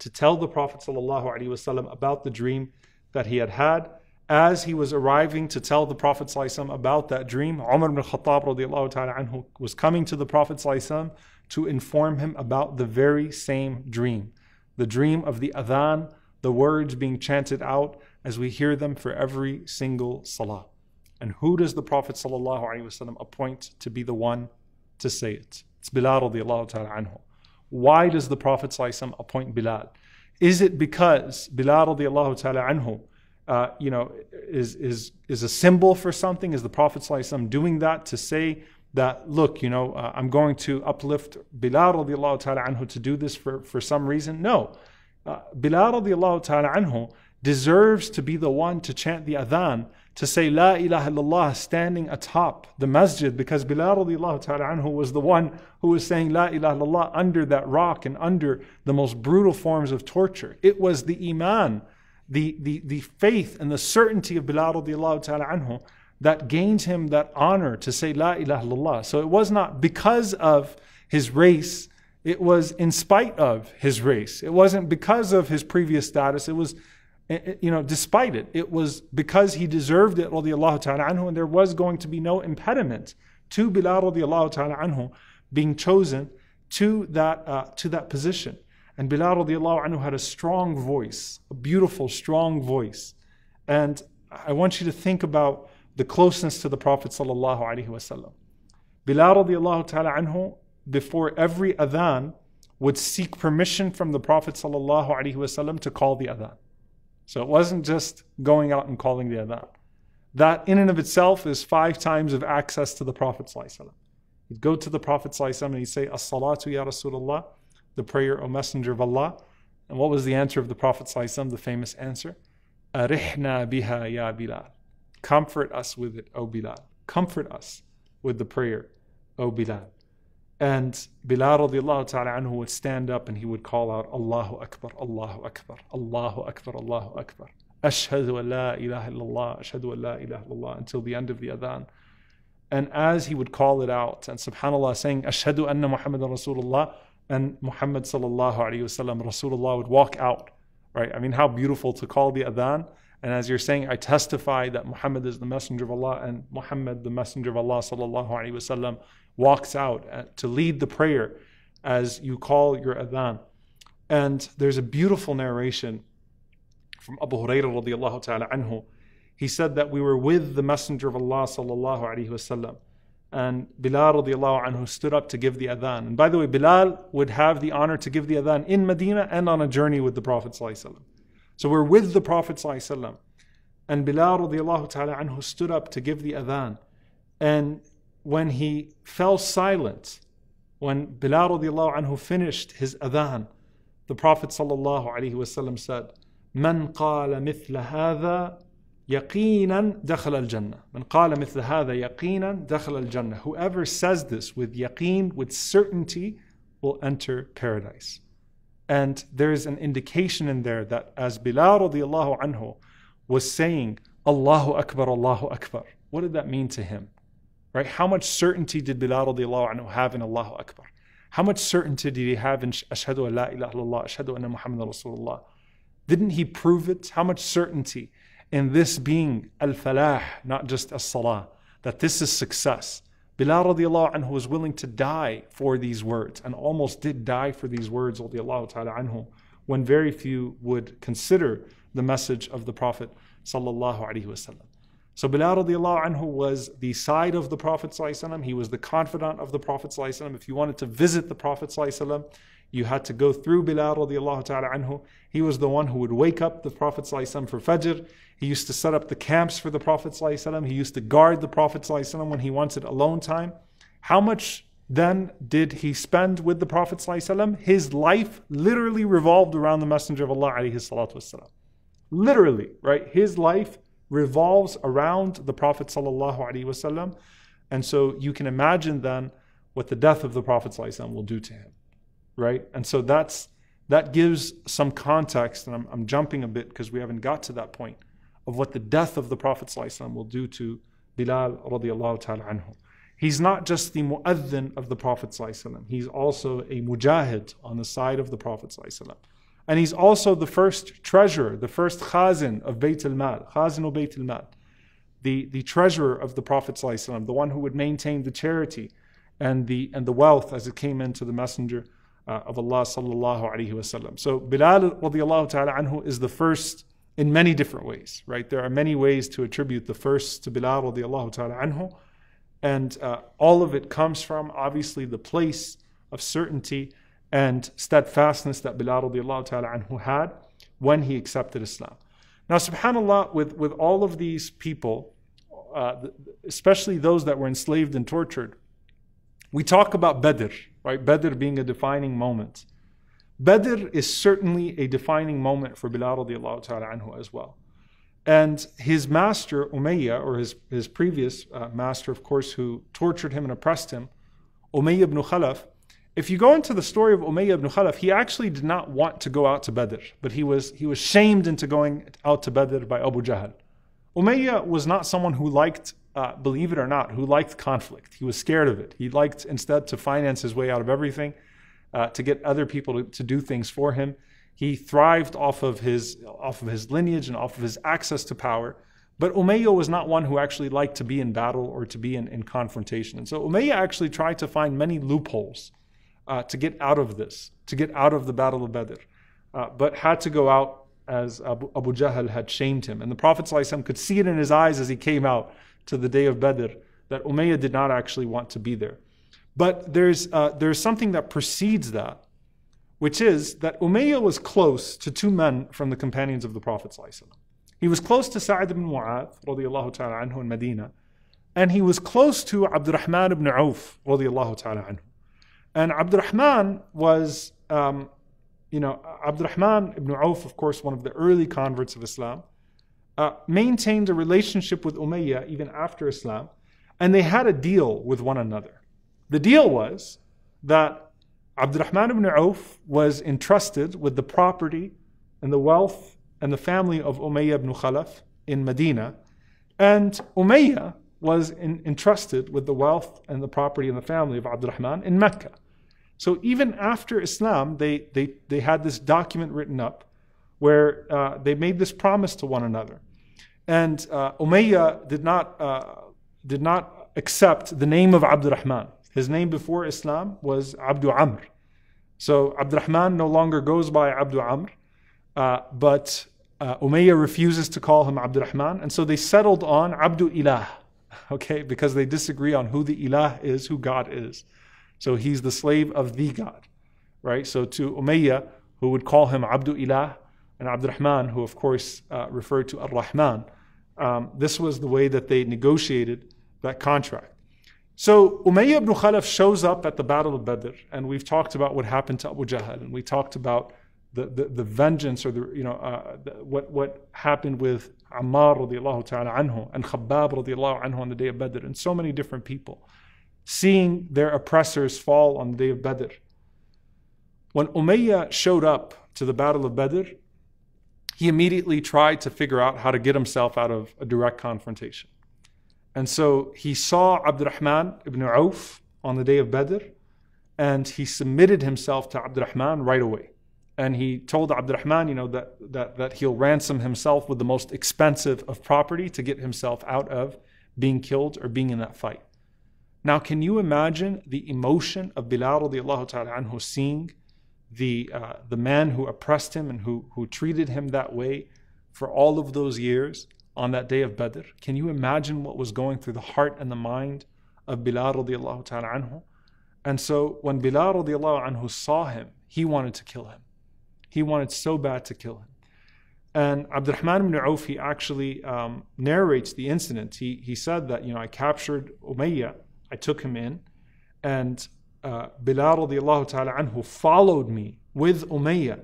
to tell the Prophet ﷺ about the dream that he had had. As he was arriving to tell the Prophet ﷺ about that dream, Umar ibn Khattab anhu, was coming to the Prophet ﷺ to inform him about the very same dream the dream of the adhan, the words being chanted out as we hear them for every single salah. And who does the Prophet ﷺ appoint to be the one to say it? It's Bilal radiallahu ta'ala anhu. Why does the Prophet ﷺ appoint Bilal? Is it because Bilal radiallahu ta'ala anhu uh, you know, is, is, is a symbol for something? Is the Prophet ﷺ doing that to say that, look, you know, uh, I'm going to uplift Bilal radiallahu ta'ala anhu to do this for, for some reason? No. Uh, Bilal radiallahu ta'ala anhu deserves to be the one to chant the adhan to say La ilaha illallah standing atop the masjid because Bilal radiallahu ta'ala anhu was the one who was saying La ilaha illallah under that rock and under the most brutal forms of torture. It was the iman, the, the, the faith and the certainty of Bilal radiallahu ta'ala anhu that gained him that honor to say La ilaha illallah. So it was not because of his race, it was in spite of his race. It wasn't because of his previous status, it was you know, despite it, it was because he deserved it, radiallahu ta'ala anhu, and there was going to be no impediment to Bilal radiallahu ta'ala anhu being chosen to that, uh, to that position. And Bilal radiallahu anhu had a strong voice, a beautiful, strong voice. And I want you to think about the closeness to the Prophet sallallahu alaihi wasallam. Bilal radiallahu ta'ala anhu, before every adhan, would seek permission from the Prophet sallallahu alaihi wasallam to call the adhan. So it wasn't just going out and calling the adhan. That in and of itself is five times of access to the Prophet. He'd go to the Prophet and he'd say, As salatu ya Rasulullah, the prayer, O Messenger of Allah. And what was the answer of the Prophet, the famous answer? Arihna biha ya Bilal. Comfort us with it, O Bilal. Comfort us with the prayer, O Bilal. And Bilal radiallahu ta'ala anhu would stand up and he would call out, Allahu Akbar, Allahu Akbar, Allahu Akbar, Allahu Akbar. Ashhadu an la ilaha illallah, ashhadu an la ilaha illallah, until the end of the adhan. And as he would call it out, and subhanAllah saying, Ashhadu anna Muhammadan Rasulullah, and Muhammad sallallahu alayhi wasallam, Rasulullah would walk out. Right? I mean, how beautiful to call the adhan. And as you're saying, I testify that Muhammad is the messenger of Allah and Muhammad, the messenger of Allah sallallahu alayhi wasallam, walks out uh, to lead the prayer as you call your adhan. And there's a beautiful narration from Abu Hurairah radiallahu ta'ala anhu. He said that we were with the Messenger of Allah sallallahu alayhi wasallam. And Bilal radiallahu anhu stood up to give the adhan. And by the way, Bilal would have the honor to give the adhan in Medina and on a journey with the Prophet sallallahu So we're with the Prophet sallallahu and Bilal radiallahu ta'ala anhu stood up to give the adhan. And when he fell silent, when Bilal radiallahu anhu finished his adhan, the Prophet sallallahu alaihi wasallam said, من قال مثل هذا يقينا دخل الجنة من قال مثل هذا يقينا دخل الجنة Whoever says this with yaqeen, with certainty, will enter paradise. And there is an indication in there that as Bilal radiallahu anhu was saying, Allahu Akbar, Allahu Akbar, what did that mean to him? Right? How much certainty did Bilal radiallahu anhu have in Allahu Akbar? How much certainty did he have in Ashhadu an la ilaha illallah, Ashhadu anna Muhammadan Rasulullah? Didn't he prove it? How much certainty in this being al-falah, not just as-salah, that this is success? Bilal radiallahu anhu was willing to die for these words and almost did die for these words radiallahu ta'ala anhu when very few would consider the message of the Prophet sallallahu alaihi wasallam. So Bilal radiallahu anhu was the side of the Prophet ﷺ. He was the confidant of the Prophet ﷺ. If you wanted to visit the Prophet ﷺ, you had to go through Bilal radiallahu ta'ala anhu. He was the one who would wake up the Prophet ﷺ for Fajr. He used to set up the camps for the Prophet ﷺ. He used to guard the Prophet ﷺ when he wanted alone time. How much then did he spend with the Prophet ﷺ? His life literally revolved around the Messenger of Allah alayhi salatu wasalam. Literally, right? His life revolves around the Prophet وسلم, and so you can imagine then what the death of the Prophet will do to him, right? And so that's that gives some context, and I'm, I'm jumping a bit because we haven't got to that point of what the death of the Prophet will do to Bilal radiallahu ta'ala anhu. He's not just the mu'adhin of the Prophet he's also a mujahid on the side of the Prophet. وسلم. And he's also the first treasurer, the first khazin of Beit al-Mal, khazin of Beit al-Mal, the, the treasurer of the Prophet ﷺ, the one who would maintain the charity and the, and the wealth as it came into the messenger uh, of Allah sallallahu alaihi wasallam. So Bilal radiallahu ta'ala anhu is the first in many different ways, right? There are many ways to attribute the first to Bilal radiallahu ta'ala anhu. And uh, all of it comes from, obviously, the place of certainty and steadfastness that Bilal radiallahu ta'ala anhu had when he accepted Islam. Now, subhanAllah, with, with all of these people, uh, especially those that were enslaved and tortured, we talk about Badr, right? Badr being a defining moment. Badr is certainly a defining moment for Bilal radiallahu ta'ala anhu as well. And his master, Umayyah, or his, his previous uh, master, of course, who tortured him and oppressed him, Umayyah ibn Khalaf, if you go into the story of Umayyah ibn Khalaf, he actually did not want to go out to Badr, but he was, he was shamed into going out to Badr by Abu Jahl. Umayyah was not someone who liked, uh, believe it or not, who liked conflict. He was scared of it. He liked instead to finance his way out of everything, uh, to get other people to, to do things for him. He thrived off of his off of his lineage and off of his access to power. But Umayyah was not one who actually liked to be in battle or to be in, in confrontation. And so Umayyah actually tried to find many loopholes uh, to get out of this, to get out of the Battle of Badr, uh, but had to go out as Abu, Abu Jahl had shamed him. And the Prophet ﷺ could see it in his eyes as he came out to the day of Badr that Umayyah did not actually want to be there. But there's, uh, there's something that precedes that, which is that Umayyah was close to two men from the companions of the Prophet. ﷺ. He was close to Sa'd ibn Mu'adh radiallahu ta'ala anhu in Medina, and he was close to Abdurrahman ibn Auf radiallahu ta'ala anhu. And Rahman was, um, you know, Rahman ibn Auf, of course, one of the early converts of Islam, uh, maintained a relationship with Umayyah even after Islam, and they had a deal with one another. The deal was that Abd Rahman ibn Auf was entrusted with the property and the wealth and the family of Umayyah ibn Khalaf in Medina, and Umayyah was in, entrusted with the wealth and the property and the family of Abdurrahman in Mecca. So even after Islam, they, they, they had this document written up where uh, they made this promise to one another. And uh, Umayyah did not, uh, did not accept the name of Abdurrahman. His name before Islam was Abdul Amr. So Abdurrahman no longer goes by Abdul Amr, uh, but uh, Umayyah refuses to call him Abdurrahman. And so they settled on Abdul Ilah [LAUGHS] okay? Because they disagree on who the ilah is, who God is. So he's the slave of the God, right? So to Umayyah, who would call him Abdu Ilah, and Abdurrahman, who of course uh, referred to Ar Rahman, um, this was the way that they negotiated that contract. So Umayyah ibn Khalaf shows up at the Battle of Badr, and we've talked about what happened to Abu Jahl, and we talked about the, the, the vengeance or the, you know, uh, the, what, what happened with Ammar radiallahu ta'ala anhu and Khabbab radiallahu anhu on the day of Badr and so many different people seeing their oppressors fall on the day of Badr. When Umayyah showed up to the Battle of Badr, he immediately tried to figure out how to get himself out of a direct confrontation. And so he saw Abdurrahman ibn Auf on the day of Badr, and he submitted himself to Abdurrahman right away and he told Abdurrahman, you know, that, that, that he'll ransom himself with the most expensive of property to get himself out of being killed or being in that fight. Now, can you imagine the emotion of Bilal radiallahu ta'ala anhu seeing the, uh, the man who oppressed him and who, who treated him that way for all of those years on that day of Badr? Can you imagine what was going through the heart and the mind of Bilal radiallahu ta'ala anhu? And so when Bilal radiallahu anhu saw him, he wanted to kill him. He wanted so bad to kill him. And Abdurrahman ibn Auf, he actually um, narrates the incident. He, he said that, you know, I captured Umayyah, I took him in, and uh, Bilal radiallahu ta'ala anhu followed me with Umayyah.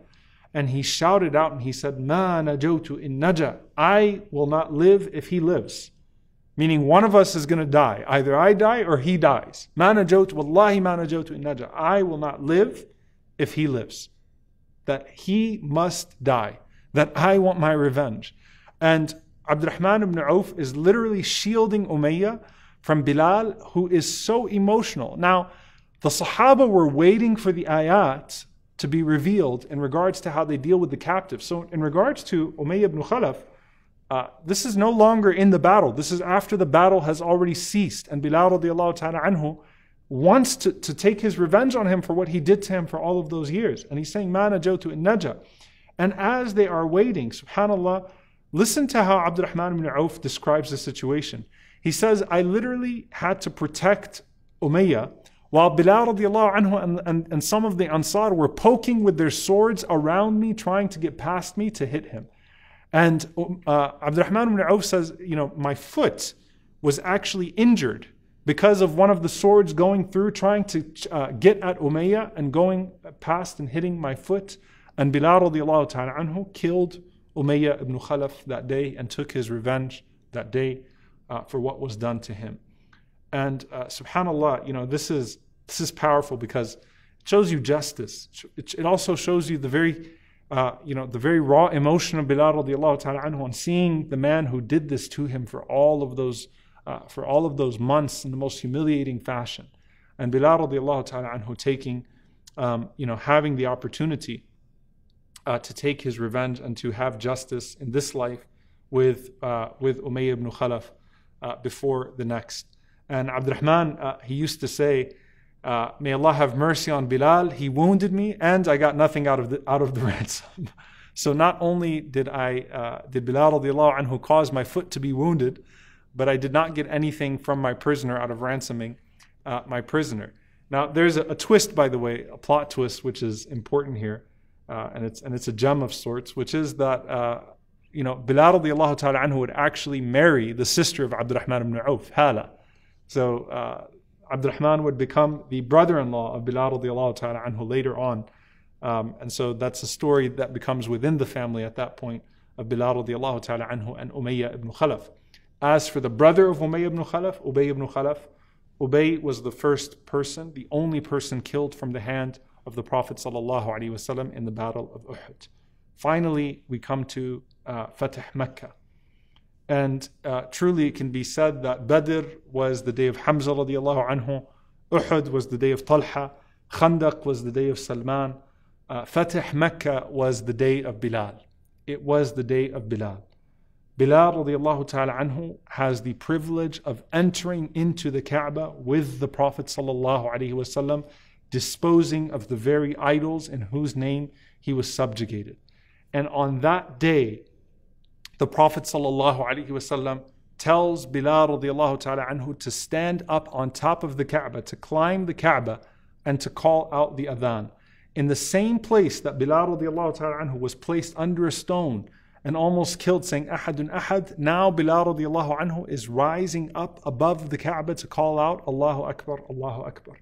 And he shouted out and he said, Ma najawtu in naja. I will not live if he lives. Meaning one of us is going to die. Either I die or he dies. Ma najawtu, wallahi ma najawtu in naja. I will not live if he lives that he must die, that I want my revenge. And Abdurrahman ibn Auf is literally shielding Umayyah from Bilal, who is so emotional. Now, the Sahaba were waiting for the ayat to be revealed in regards to how they deal with the captive. So, in regards to Umayyah ibn Khalaf, uh, this is no longer in the battle. This is after the battle has already ceased. And Bilal radiallahu ta'ala anhu wants to, to take his revenge on him for what he did to him for all of those years. And he's saying, Mana Jotu in Najah. And as they are waiting, subhanAllah, listen to how Abdurrahman ibn Auf describes the situation. He says, I literally had to protect Umayyah while Bilal radiallahu anhu and, and, and some of the Ansar were poking with their swords around me, trying to get past me to hit him. And uh, Abdurrahman ibn Auf says, You know, my foot was actually injured because of one of the swords going through, trying to uh, get at Umayyah and going past and hitting my foot. And Bilal radiallahu ta'ala anhu killed Umayyah ibn Khalaf that day and took his revenge that day uh, for what was done to him. And uh, subhanAllah, you know, this is, this is powerful because it shows you justice. It, also shows you the very, uh, you know, the very raw emotion of Bilal radiallahu ta'ala anhu on seeing the man who did this to him for all of those uh, for all of those months in the most humiliating fashion. And Bilal radiallahu ta'ala anhu taking, um, you know, having the opportunity uh, to take his revenge and to have justice in this life with, uh, with Umayyah ibn Khalaf uh, before the next. And Abdurrahman, uh, he used to say, uh, May Allah have mercy on Bilal, he wounded me and I got nothing out of the, out of the [LAUGHS] ransom. so not only did I, uh, did Bilal anhu cause my foot to be wounded, but I did not get anything from my prisoner out of ransoming uh, my prisoner. Now, there's a, a, twist, by the way, a plot twist, which is important here, uh, and it's and it's a gem of sorts, which is that uh, you know Bilal radiallahu ta'ala anhu would actually marry the sister of Abdurrahman ibn Auf, Hala. So uh, Abdurrahman would become the brother-in-law of Bilal radiallahu ta'ala anhu later on. Um, and so that's a story that becomes within the family at that point of Bilal radiallahu ta'ala anhu and Umayyah ibn Khalaf. As for the brother of Umayy ibn Khalaf, Ubay ibn Khalaf, Ubay was the first person, the only person killed from the hand of the Prophet ﷺ in the Battle of Uhud. Finally, we come to uh, Fatih Mecca. And uh, truly, it can be said that Badr was the day of Hamza radiallahu anhu, Uhud was the day of Talha, Khandaq was the day of Salman, uh, Fatih Mecca was the day of Bilal. It was the day of Bilal. Bilal radiallahu ta'ala anhu has the privilege of entering into the Kaaba with the Prophet sallallahu alaihi wasallam, disposing of the very idols in whose name he was subjugated. And on that day, the Prophet sallallahu alaihi wasallam tells Bilal radiallahu ta'ala anhu to stand up on top of the Kaaba, to climb the Kaaba, and to call out the adhan. In the same place that Bilal radiallahu ta'ala anhu was placed under a stone and almost killed, saying, Ahadun Ahad. Now Bilal radiallahu anhu is rising up above the Kaaba to call out, Allahu Akbar, Allahu Akbar.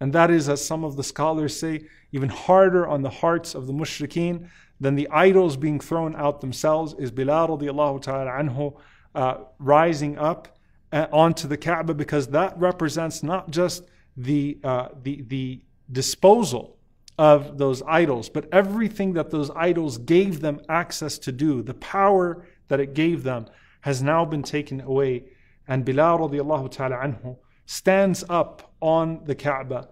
And that is, as some of the scholars say, even harder on the hearts of the mushrikeen than the idols being thrown out themselves, is Bilal radiallahu ta'ala anhu uh, rising up uh, onto the Kaaba because that represents not just the, uh, the, the disposal of those idols, but everything that those idols gave them access to do, the power that it gave them, has now been taken away. And Bilal ta'ala anhu stands up on the Kaaba,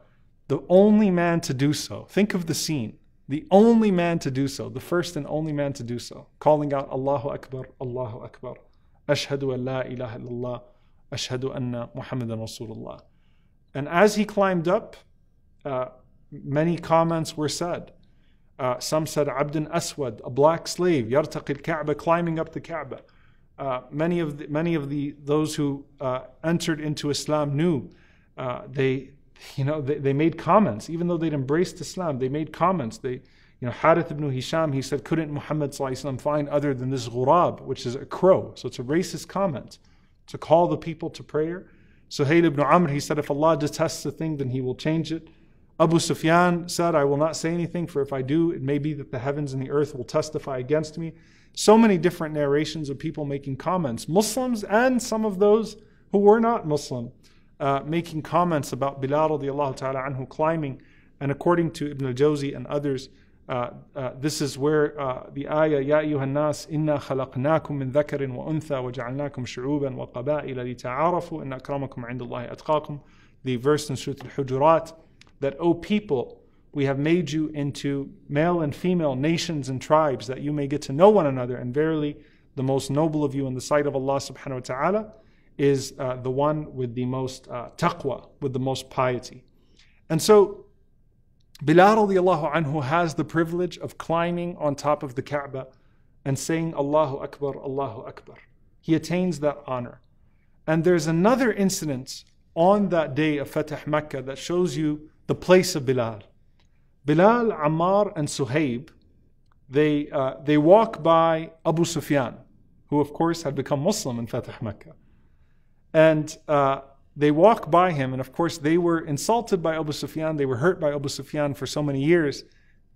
the only man to do so. Think of the scene. The only man to do so, the first and only man to do so, calling out Allahu Akbar, Allahu Akbar, Ashhadu an la ilaha illallah, Ashhadu anna Muhammadan Rasulullah. And as he climbed up, uh, many comments were said. Uh, some said "Abdul Aswad, a black slave, al Kaaba, climbing up the Kaaba. Uh, many of the, many of the those who uh, entered into Islam knew uh, they you know they, they made comments even though they'd embraced Islam they made comments they you know Harith ibn Hisham he said couldn't Muhammad find other than this ghurab which is a crow so it's a racist comment to call the people to prayer Suhail ibn Amr he said if Allah detests a thing then he will change it Abu Sufyan said, I will not say anything, for if I do, it may be that the heavens and the earth will testify against me. So many different narrations of people making comments, Muslims and some of those who were not Muslim, uh, making comments about Bilal radiallahu ta'ala anhu climbing. And according to Ibn al-Jawzi and others, uh, uh, this is where uh, the ayah, Ya ayyuhan nas, inna khalaqnakum min dhakarin wa untha wa ja'alnakum shu'uban wa qaba'ila li ta'arafu inna akramakum indallahi atqakum. The verse in Surah Al-Hujurat, that, O people, we have made you into male and female nations and tribes that you may get to know one another. And verily, the most noble of you in the sight of Allah subhanahu wa ta'ala is uh, the one with the most uh, taqwa, with the most piety. And so, Bilal radiallahu anhu has the privilege of climbing on top of the Kaaba and saying, Allahu Akbar, Allahu Akbar. He attains that honor. And there's another incident on that day of Fatah Makkah that shows you the place of Bilal. Bilal, Ammar, and Suhaib, they, uh, they walk by Abu Sufyan, who of course had become Muslim in Fatah Mecca. And uh, they walk by him, and of course they were insulted by Abu Sufyan, they were hurt by Abu Sufyan for so many years.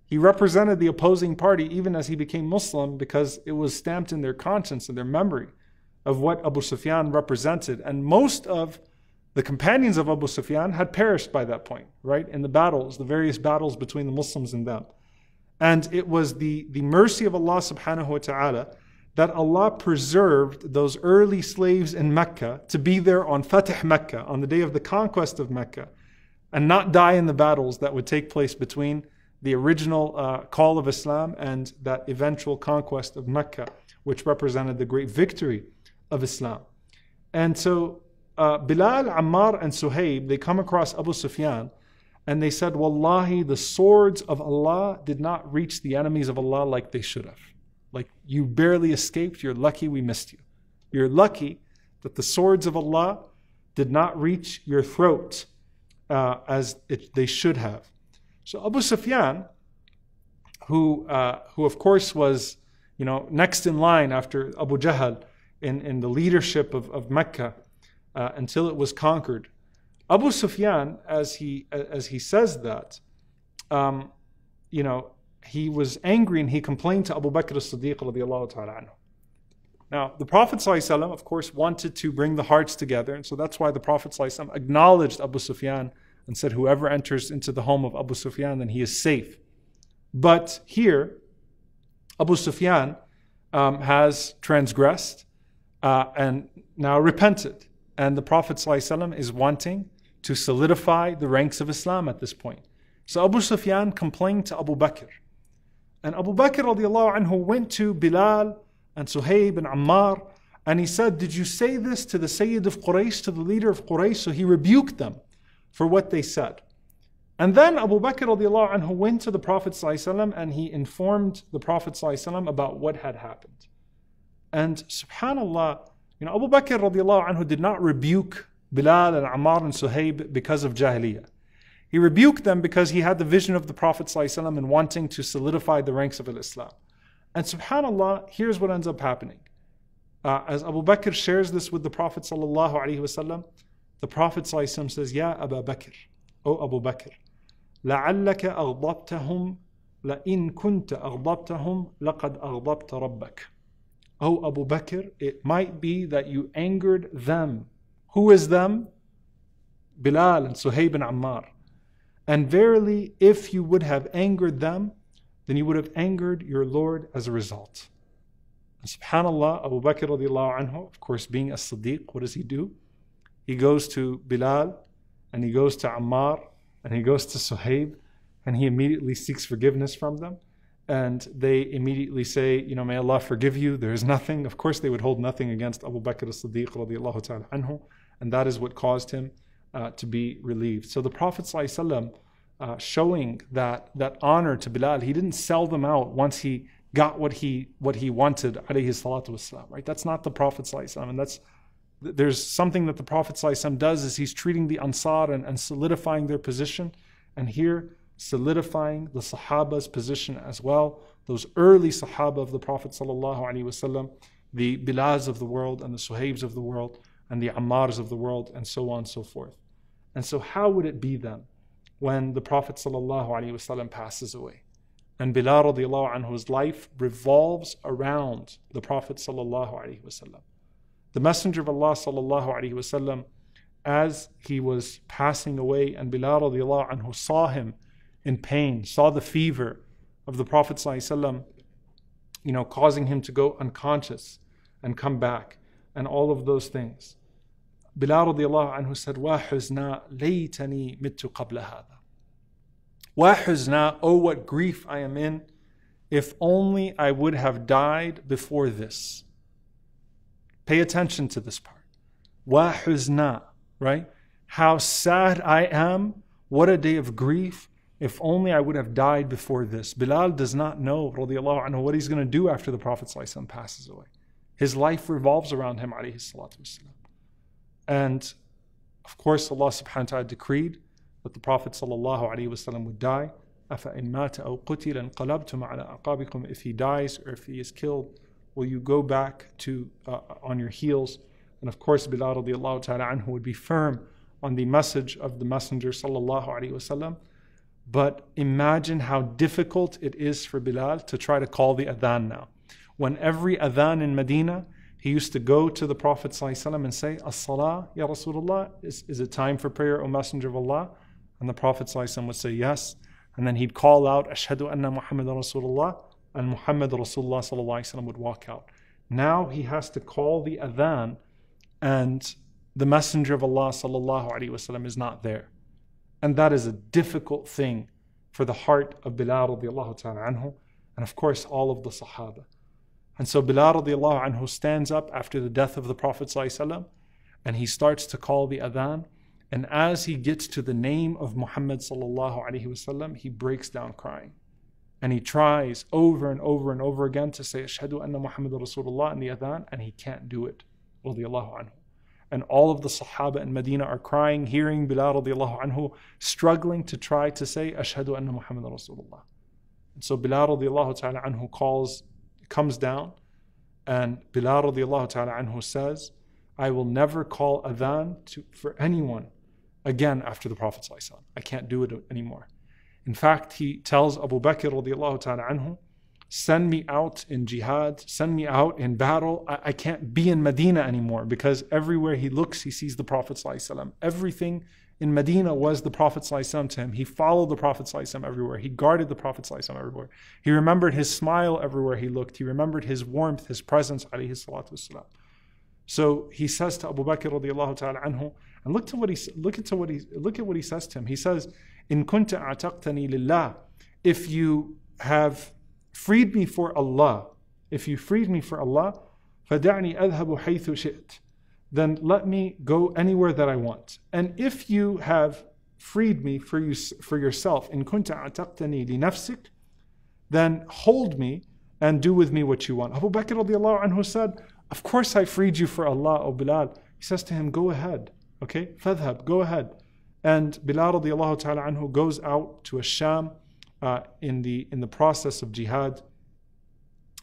He represented the opposing party even as he became Muslim because it was stamped in their conscience and their memory of what Abu Sufyan represented. And most of the companions of Abu Sufyan had perished by that point, right? In the battles, the various battles between the Muslims and them. And it was the, the mercy of Allah subhanahu wa ta'ala that Allah preserved those early slaves in Mecca to be there on Fatih Mecca, on the day of the conquest of Mecca, and not die in the battles that would take place between the original uh, call of Islam and that eventual conquest of Mecca, which represented the great victory of Islam. And so uh, Bilal, Ammar, and Suhaib, they come across Abu Sufyan and they said, Wallahi, the swords of Allah did not reach the enemies of Allah like they should have. Like you barely escaped. You're lucky we missed you. You're lucky that the swords of Allah did not reach your throat uh, as it, they should have. So Abu Sufyan, who, uh, who of course was you know, next in line after Abu Jahl in, in the leadership of, of Mecca, uh, until it was conquered. Abu Sufyan, as he uh, as he says that, um, you know, he was angry and he complained to Abu Bakr as-Siddiq radiallahu ta'ala Now, the Prophet ﷺ, of course, wanted to bring the hearts together, and so that's why the Prophet ﷺ acknowledged Abu Sufyan and said, Whoever enters into the home of Abu Sufyan, then he is safe. But here, Abu Sufyan um, has transgressed uh, and now repented and the Prophet ﷺ is wanting to solidify the ranks of Islam at this point. So Abu Sufyan complained to Abu Bakr. And Abu Bakr anhu went to Bilal and Suhaib and Ammar and he said, Did you say this to the Sayyid of Quraysh, to the leader of Quraysh? So he rebuked them for what they said. And then Abu Bakr anhu went to the Prophet ﷺ and he informed the Prophet ﷺ about what had happened. And subhanAllah, you know, Abu Bakr radiallahu anhu did not rebuke Bilal and Ammar and Suhaib because of Jahiliyyah. He rebuked them because he had the vision of the Prophet ﷺ and wanting to solidify the ranks of Islam. And subhanAllah, here's what ends up happening. Uh, as Abu Bakr shares this with the Prophet ﷺ, the Prophet ﷺ says, Ya Abu Bakr, O Abu Bakr, لَعَلَّكَ أَغْضَبْتَهُمْ لَإِن كُنْتَ أَغْضَبْتَهُمْ لَقَدْ أَغْضَبْتَ رَبَّكَ O Abu Bakr, it might be that you angered them. Who is them? Bilal and Suhaib and Ammar. And verily, if you would have angered them, then you would have angered your Lord as a result. And subhanAllah, Abu Bakr radiallahu anhu, of course, being a Siddiq, what does he do? He goes to Bilal and he goes to Ammar and he goes to Suhaib and he immediately seeks forgiveness from them and they immediately say, you know, may Allah forgive you, there is nothing. Of course, they would hold nothing against Abu Bakr as-Siddiq radiallahu ta'ala anhu, and that is what caused him uh, to be relieved. So the Prophet uh, showing that that honor to Bilal, he didn't sell them out once he got what he what he wanted, alayhi salatu wasalam, right? That's not the Prophet and that's there's something that the Prophet sallallahu does is he's treating the Ansar and, and solidifying their position, and here solidifying the Sahaba's position as well, those early Sahaba of the Prophet the Bilaz of the world and the Suhaibs of the world and the Ammars of the world and so on and so forth. And so how would it be then when the Prophet passes away? And Bilal anhu's life revolves around the Prophet The Messenger of Allah وسلم, as he was passing away and Bilal anhu saw him in pain, saw the fever of the Prophet ﷺ, you know, causing him to go unconscious and come back, and all of those things. Bilal radiallahu anhu said, Wa huzna laytani mittu qabla hada. Wa huzna, oh what grief I am in, if only I would have died before this. Pay attention to this part. Wa huzna, right? How sad I am, what a day of grief, if only I would have died before this. Bilal does not know anhu, what he's going to do after the Prophet passes away. His life revolves around him. And of course, Allah subhanahu wa ta'ala decreed that the Prophet would die. If he dies or if he is killed, will you go back to uh, uh on your heels? And of course, Bilal ta'ala would be firm on the message of the Messenger sallallahu alaihi wasallam but imagine how difficult it is for Bilal to try to call the adhan now. When every adhan in Medina, he used to go to the Prophet ﷺ and say, As-salah, Ya Rasulullah, is, is it time for prayer, O Messenger of Allah? And the Prophet ﷺ would say, Yes. And then he'd call out, Ashhadu anna Muhammad Rasulullah, and Muhammad Rasulullah ﷺ would walk out. Now he has to call the adhan, and the Messenger of Allah ﷺ is not there. And that is a difficult thing for the heart of Bilal radiallahu ta'ala anhu, and of course all of the Sahaba. And so Bilal radiallahu anhu stands up after the death of the Prophet وسلم, and he starts to call the adhan. And as he gets to the name of Muhammad sallallahu alaihi wasallam, he breaks down crying. And he tries over and over and over again to say, Ashhadu anna Muhammad Rasulullah in the adhan, and he can't do it. Radiallahu anhu and all of the Sahaba in Medina are crying, hearing Bilal radiallahu anhu struggling to try to say, Ashhadu anna Muhammad Rasulullah. And so Bilal radiallahu ta'ala anhu calls, comes down, and Bilal radiallahu ta'ala anhu says, I will never call adhan to, for anyone again after the Prophet. I can't do it anymore. In fact, he tells Abu Bakr radiallahu ta'ala anhu Send me out in jihad, send me out in battle. I, I can't be in Medina anymore because everywhere he looks, he sees the Prophet. ﷺ. Everything in Medina was the Prophet ﷺ to him. He followed the Prophet ﷺ everywhere. He guarded the Prophet ﷺ everywhere. He remembered his smile everywhere he looked. He remembered his warmth, his presence, alayhi salatu wasalam. So he says to Abu Bakr radiallahu ta'ala anhu, and look to what he look at what he look at what he says to him. He says, In kunta lillah, if you have Freed me for Allah. If you freed me for Allah, فَدَعْنِي أَذْهَبُ حَيْثُ شِئْتُ Then let me go anywhere that I want. And if you have freed me for, you, for yourself, إِن كُنْتَ عَتَقْتَنِي لِنَفْسِكَ Then hold me and do with me what you want. Abu Bakr radiallahu anhu said, Of course I freed you for Allah, O Bilal. He says to him, Go ahead, okay? فذهب. go ahead. And Bilal radiallahu ta'ala goes out to a Sham uh, in, the, in the process of jihad,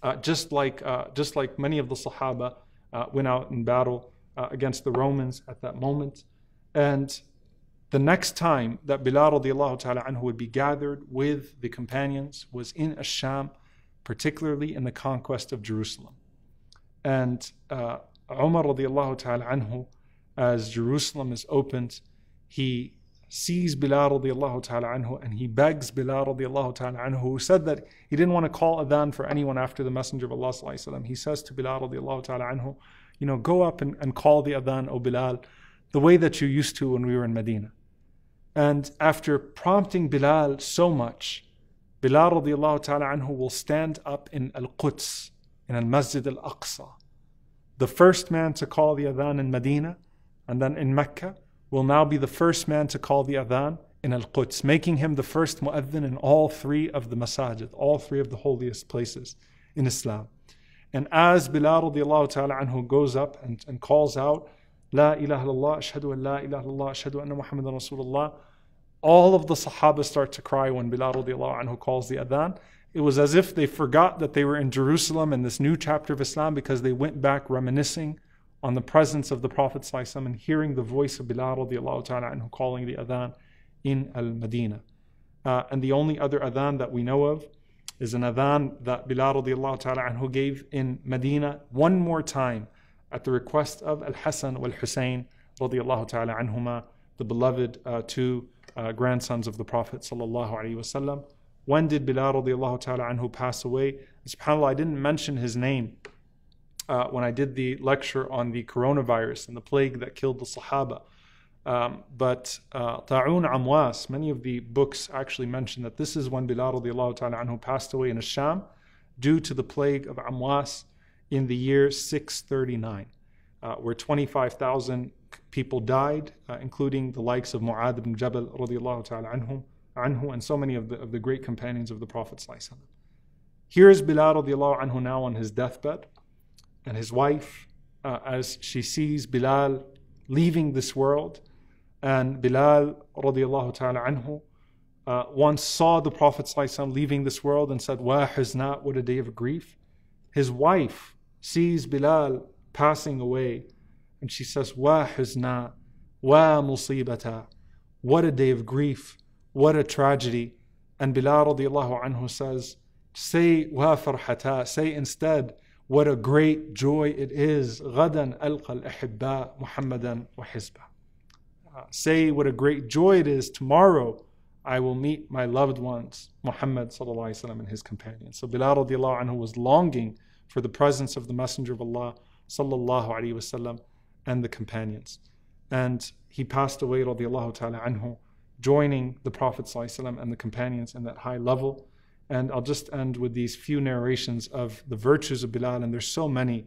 uh, just, like, uh, just like many of the Sahaba uh, went out in battle uh, against the Romans at that moment. And the next time that Bilal radiallahu ta'ala anhu would be gathered with the companions was in Asham, particularly in the conquest of Jerusalem. And uh, Umar radiallahu ta'ala anhu, as Jerusalem is opened, he sees Bilal radiallahu ta'ala anhu and he begs Bilal radiallahu ta'ala anhu, who said that he didn't want to call adhan for anyone after the Messenger of Allah sallallahu he says to Bilal radiallahu ta'ala anhu, you know, go up and, and call the adhan, O Bilal, the way that you used to when we were in Medina. And after prompting Bilal so much, Bilal radiallahu ta'ala anhu will stand up in Al-Quds, in Al-Masjid Al-Aqsa, the first man to call the adhan in Medina and then in Mecca, will now be the first man to call the adhan in Al Quds, making him the first mu'adhin in all three of the masajid, all three of the holiest places in Islam. And as Bilal radiallahu ta'ala anhu goes up and, and calls out, La ilaha illallah, ashhadu an la ilaha illallah, ashhadu anna Muhammadan Rasulullah, all of the Sahaba start to cry when Bilal radiallahu anhu calls the adhan. It was as if they forgot that they were in Jerusalem in this new chapter of Islam because they went back reminiscing on the presence of the Prophet ﷺ and hearing the voice of Bilal radiallahu ta'ala calling the adhan in Al madinah Uh, and the only other adhan that we know of is an adhan that Bilal radiallahu ta'ala gave in Medina one more time at the request of Al Hassan wal Hussein radiallahu ta'ala anhuma, the beloved uh, two uh, grandsons of the Prophet sallallahu alaihi wasallam. When did Bilal radiallahu ta'ala pass away? SubhanAllah, I didn't mention his name uh, when I did the lecture on the coronavirus and the plague that killed the Sahaba. Um, but uh, Ta'un Amwas, many of the books actually mention that this is when Bilal radiallahu ta'ala anhu passed away in Asham due to the plague of Amwas in the year 639, uh, where 25,000 people died, uh, including the likes of Mu'adh ibn Jabal radiallahu ta'ala anhum, anhu, and so many of the, of the great companions of the Prophet. Here is Bilal radiallahu anhu now on his deathbed and his wife uh, as she sees Bilal leaving this world. And Bilal radiallahu ta'ala anhu uh, once saw the Prophet وسلم leaving this world and said, Wa what a day of grief. His wife sees Bilal passing away and she says, Wa huzna, wa musibata, what a day of grief, what a tragedy. And Bilal radiallahu anhu says, Say wa farhata, say instead, what a great joy it is. غَدًا أَلْقَى الْأَحِبَّاء مُحَمَّدًا وَحِزْبًا Say what a great joy it is. Tomorrow I will meet my loved ones, Muhammad وسلم, and his companions. So Bilal radiallahu anhu was longing for the presence of the Messenger of Allah sallallahu wasallam and the companions. And he passed away ta'ala anhu, joining the Prophet وسلم, and the companions in that high level. And I'll just end with these few narrations of the virtues of Bilal, and there's so many.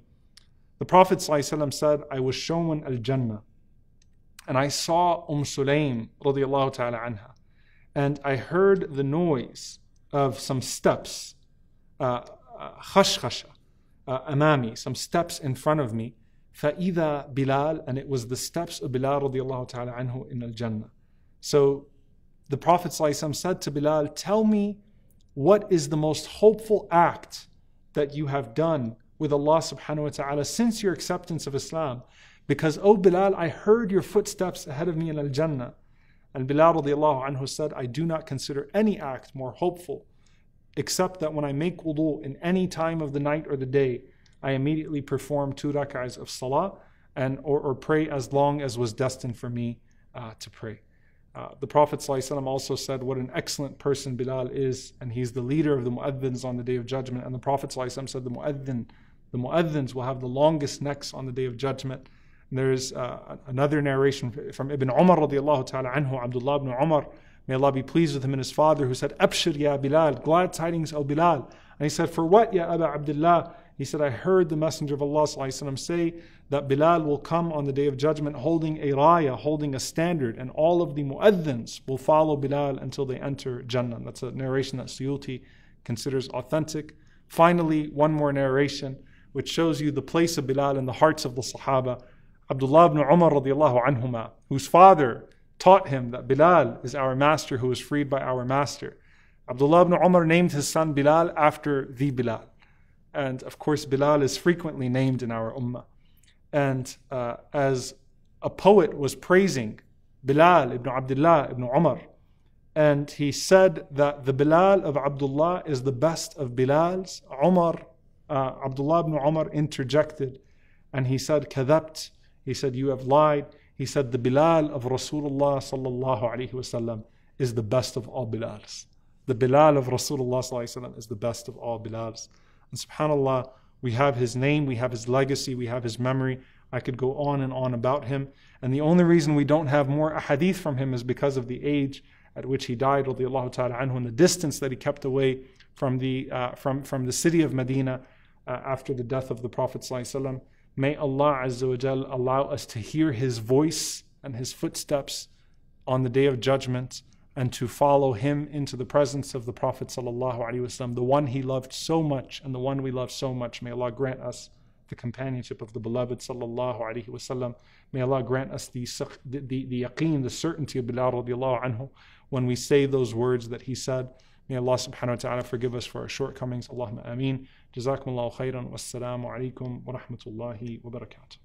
The Prophet ﷺ said, I was shown Al Jannah, and I saw Umm Sulaym, radiallahu and I heard the noise of some steps, uh, uh, khashkhasha, uh, amami, some steps in front of me. فَإِذَا Bilal, and it was the steps of Bilal radiallahu ta'ala anhu in Al Jannah. So the Prophet ﷺ said to Bilal, Tell me what is the most hopeful act that you have done with Allah subhanahu wa ta'ala since your acceptance of Islam? Because, O oh Bilal, I heard your footsteps ahead of me in Al Jannah. And Bilal radiallahu anhu said, I do not consider any act more hopeful, except that when I make wudu in any time of the night or the day, I immediately perform two rak'ahs of salah and, or, or pray as long as was destined for me uh, to pray. Uh, the Prophet ﷺ also said what an excellent person Bilal is, and he's the leader of the mu'adhins on the Day of Judgment. And the Prophet ﷺ said the mu'adhin, the mu'adhins will have the longest necks on the Day of Judgment. And there's uh, another narration from Ibn Umar radiallahu ta'ala anhu, Abdullah ibn Umar, may Allah be pleased with him and his father, who said, Abshir ya Bilal, glad tidings, O Bilal. And he said, For what, ya Aba Abdullah? He said, I heard the Messenger of Allah وسلم, say that Bilal will come on the day of judgment holding a raya, holding a standard, and all of the mu'addins will follow Bilal until they enter Jannah. That's a narration that Suyuti considers authentic. Finally, one more narration which shows you the place of Bilal in the hearts of the Sahaba. Abdullah ibn Umar radiallahu anhuma, whose father taught him that Bilal is our master who was freed by our master. Abdullah ibn Umar named his son Bilal after the Bilal. And of course, Bilal is frequently named in our ummah. And uh, as a poet was praising Bilal ibn Abdullah ibn Umar, and he said that the Bilal of Abdullah is the best of Bilals. Umar, uh, Abdullah ibn Umar interjected and he said, Kadabt. He said, You have lied. He said, The Bilal of Rasulullah sallallahu alayhi wasallam is the best of all Bilals. The Bilal of Rasulullah sallallahu alayhi wasallam is the best of all Bilals. And subhanAllah, we have his name, we have his legacy, we have his memory. I could go on and on about him. And the only reason we don't have more hadith from him is because of the age at which he died, ta'ala anhu, and the distance that he kept away from the, uh, from, from the city of Medina uh, after the death of the Prophet. May Allah Azza wa Jal allow us to hear his voice and his footsteps on the day of judgment and to follow him into the presence of the Prophet wasallam, the one he loved so much and the one we love so much. May Allah grant us the companionship of the beloved sallallahu May Allah grant us the, the, the, yaqeen, the certainty of Bilal radiallahu anhu when we say those words that he said. May Allah subhanahu wa ta'ala forgive us for our shortcomings. Allahumma ameen. Jazakumullahu khairan. Wassalamu alaikum wa rahmatullahi wa barakatuh.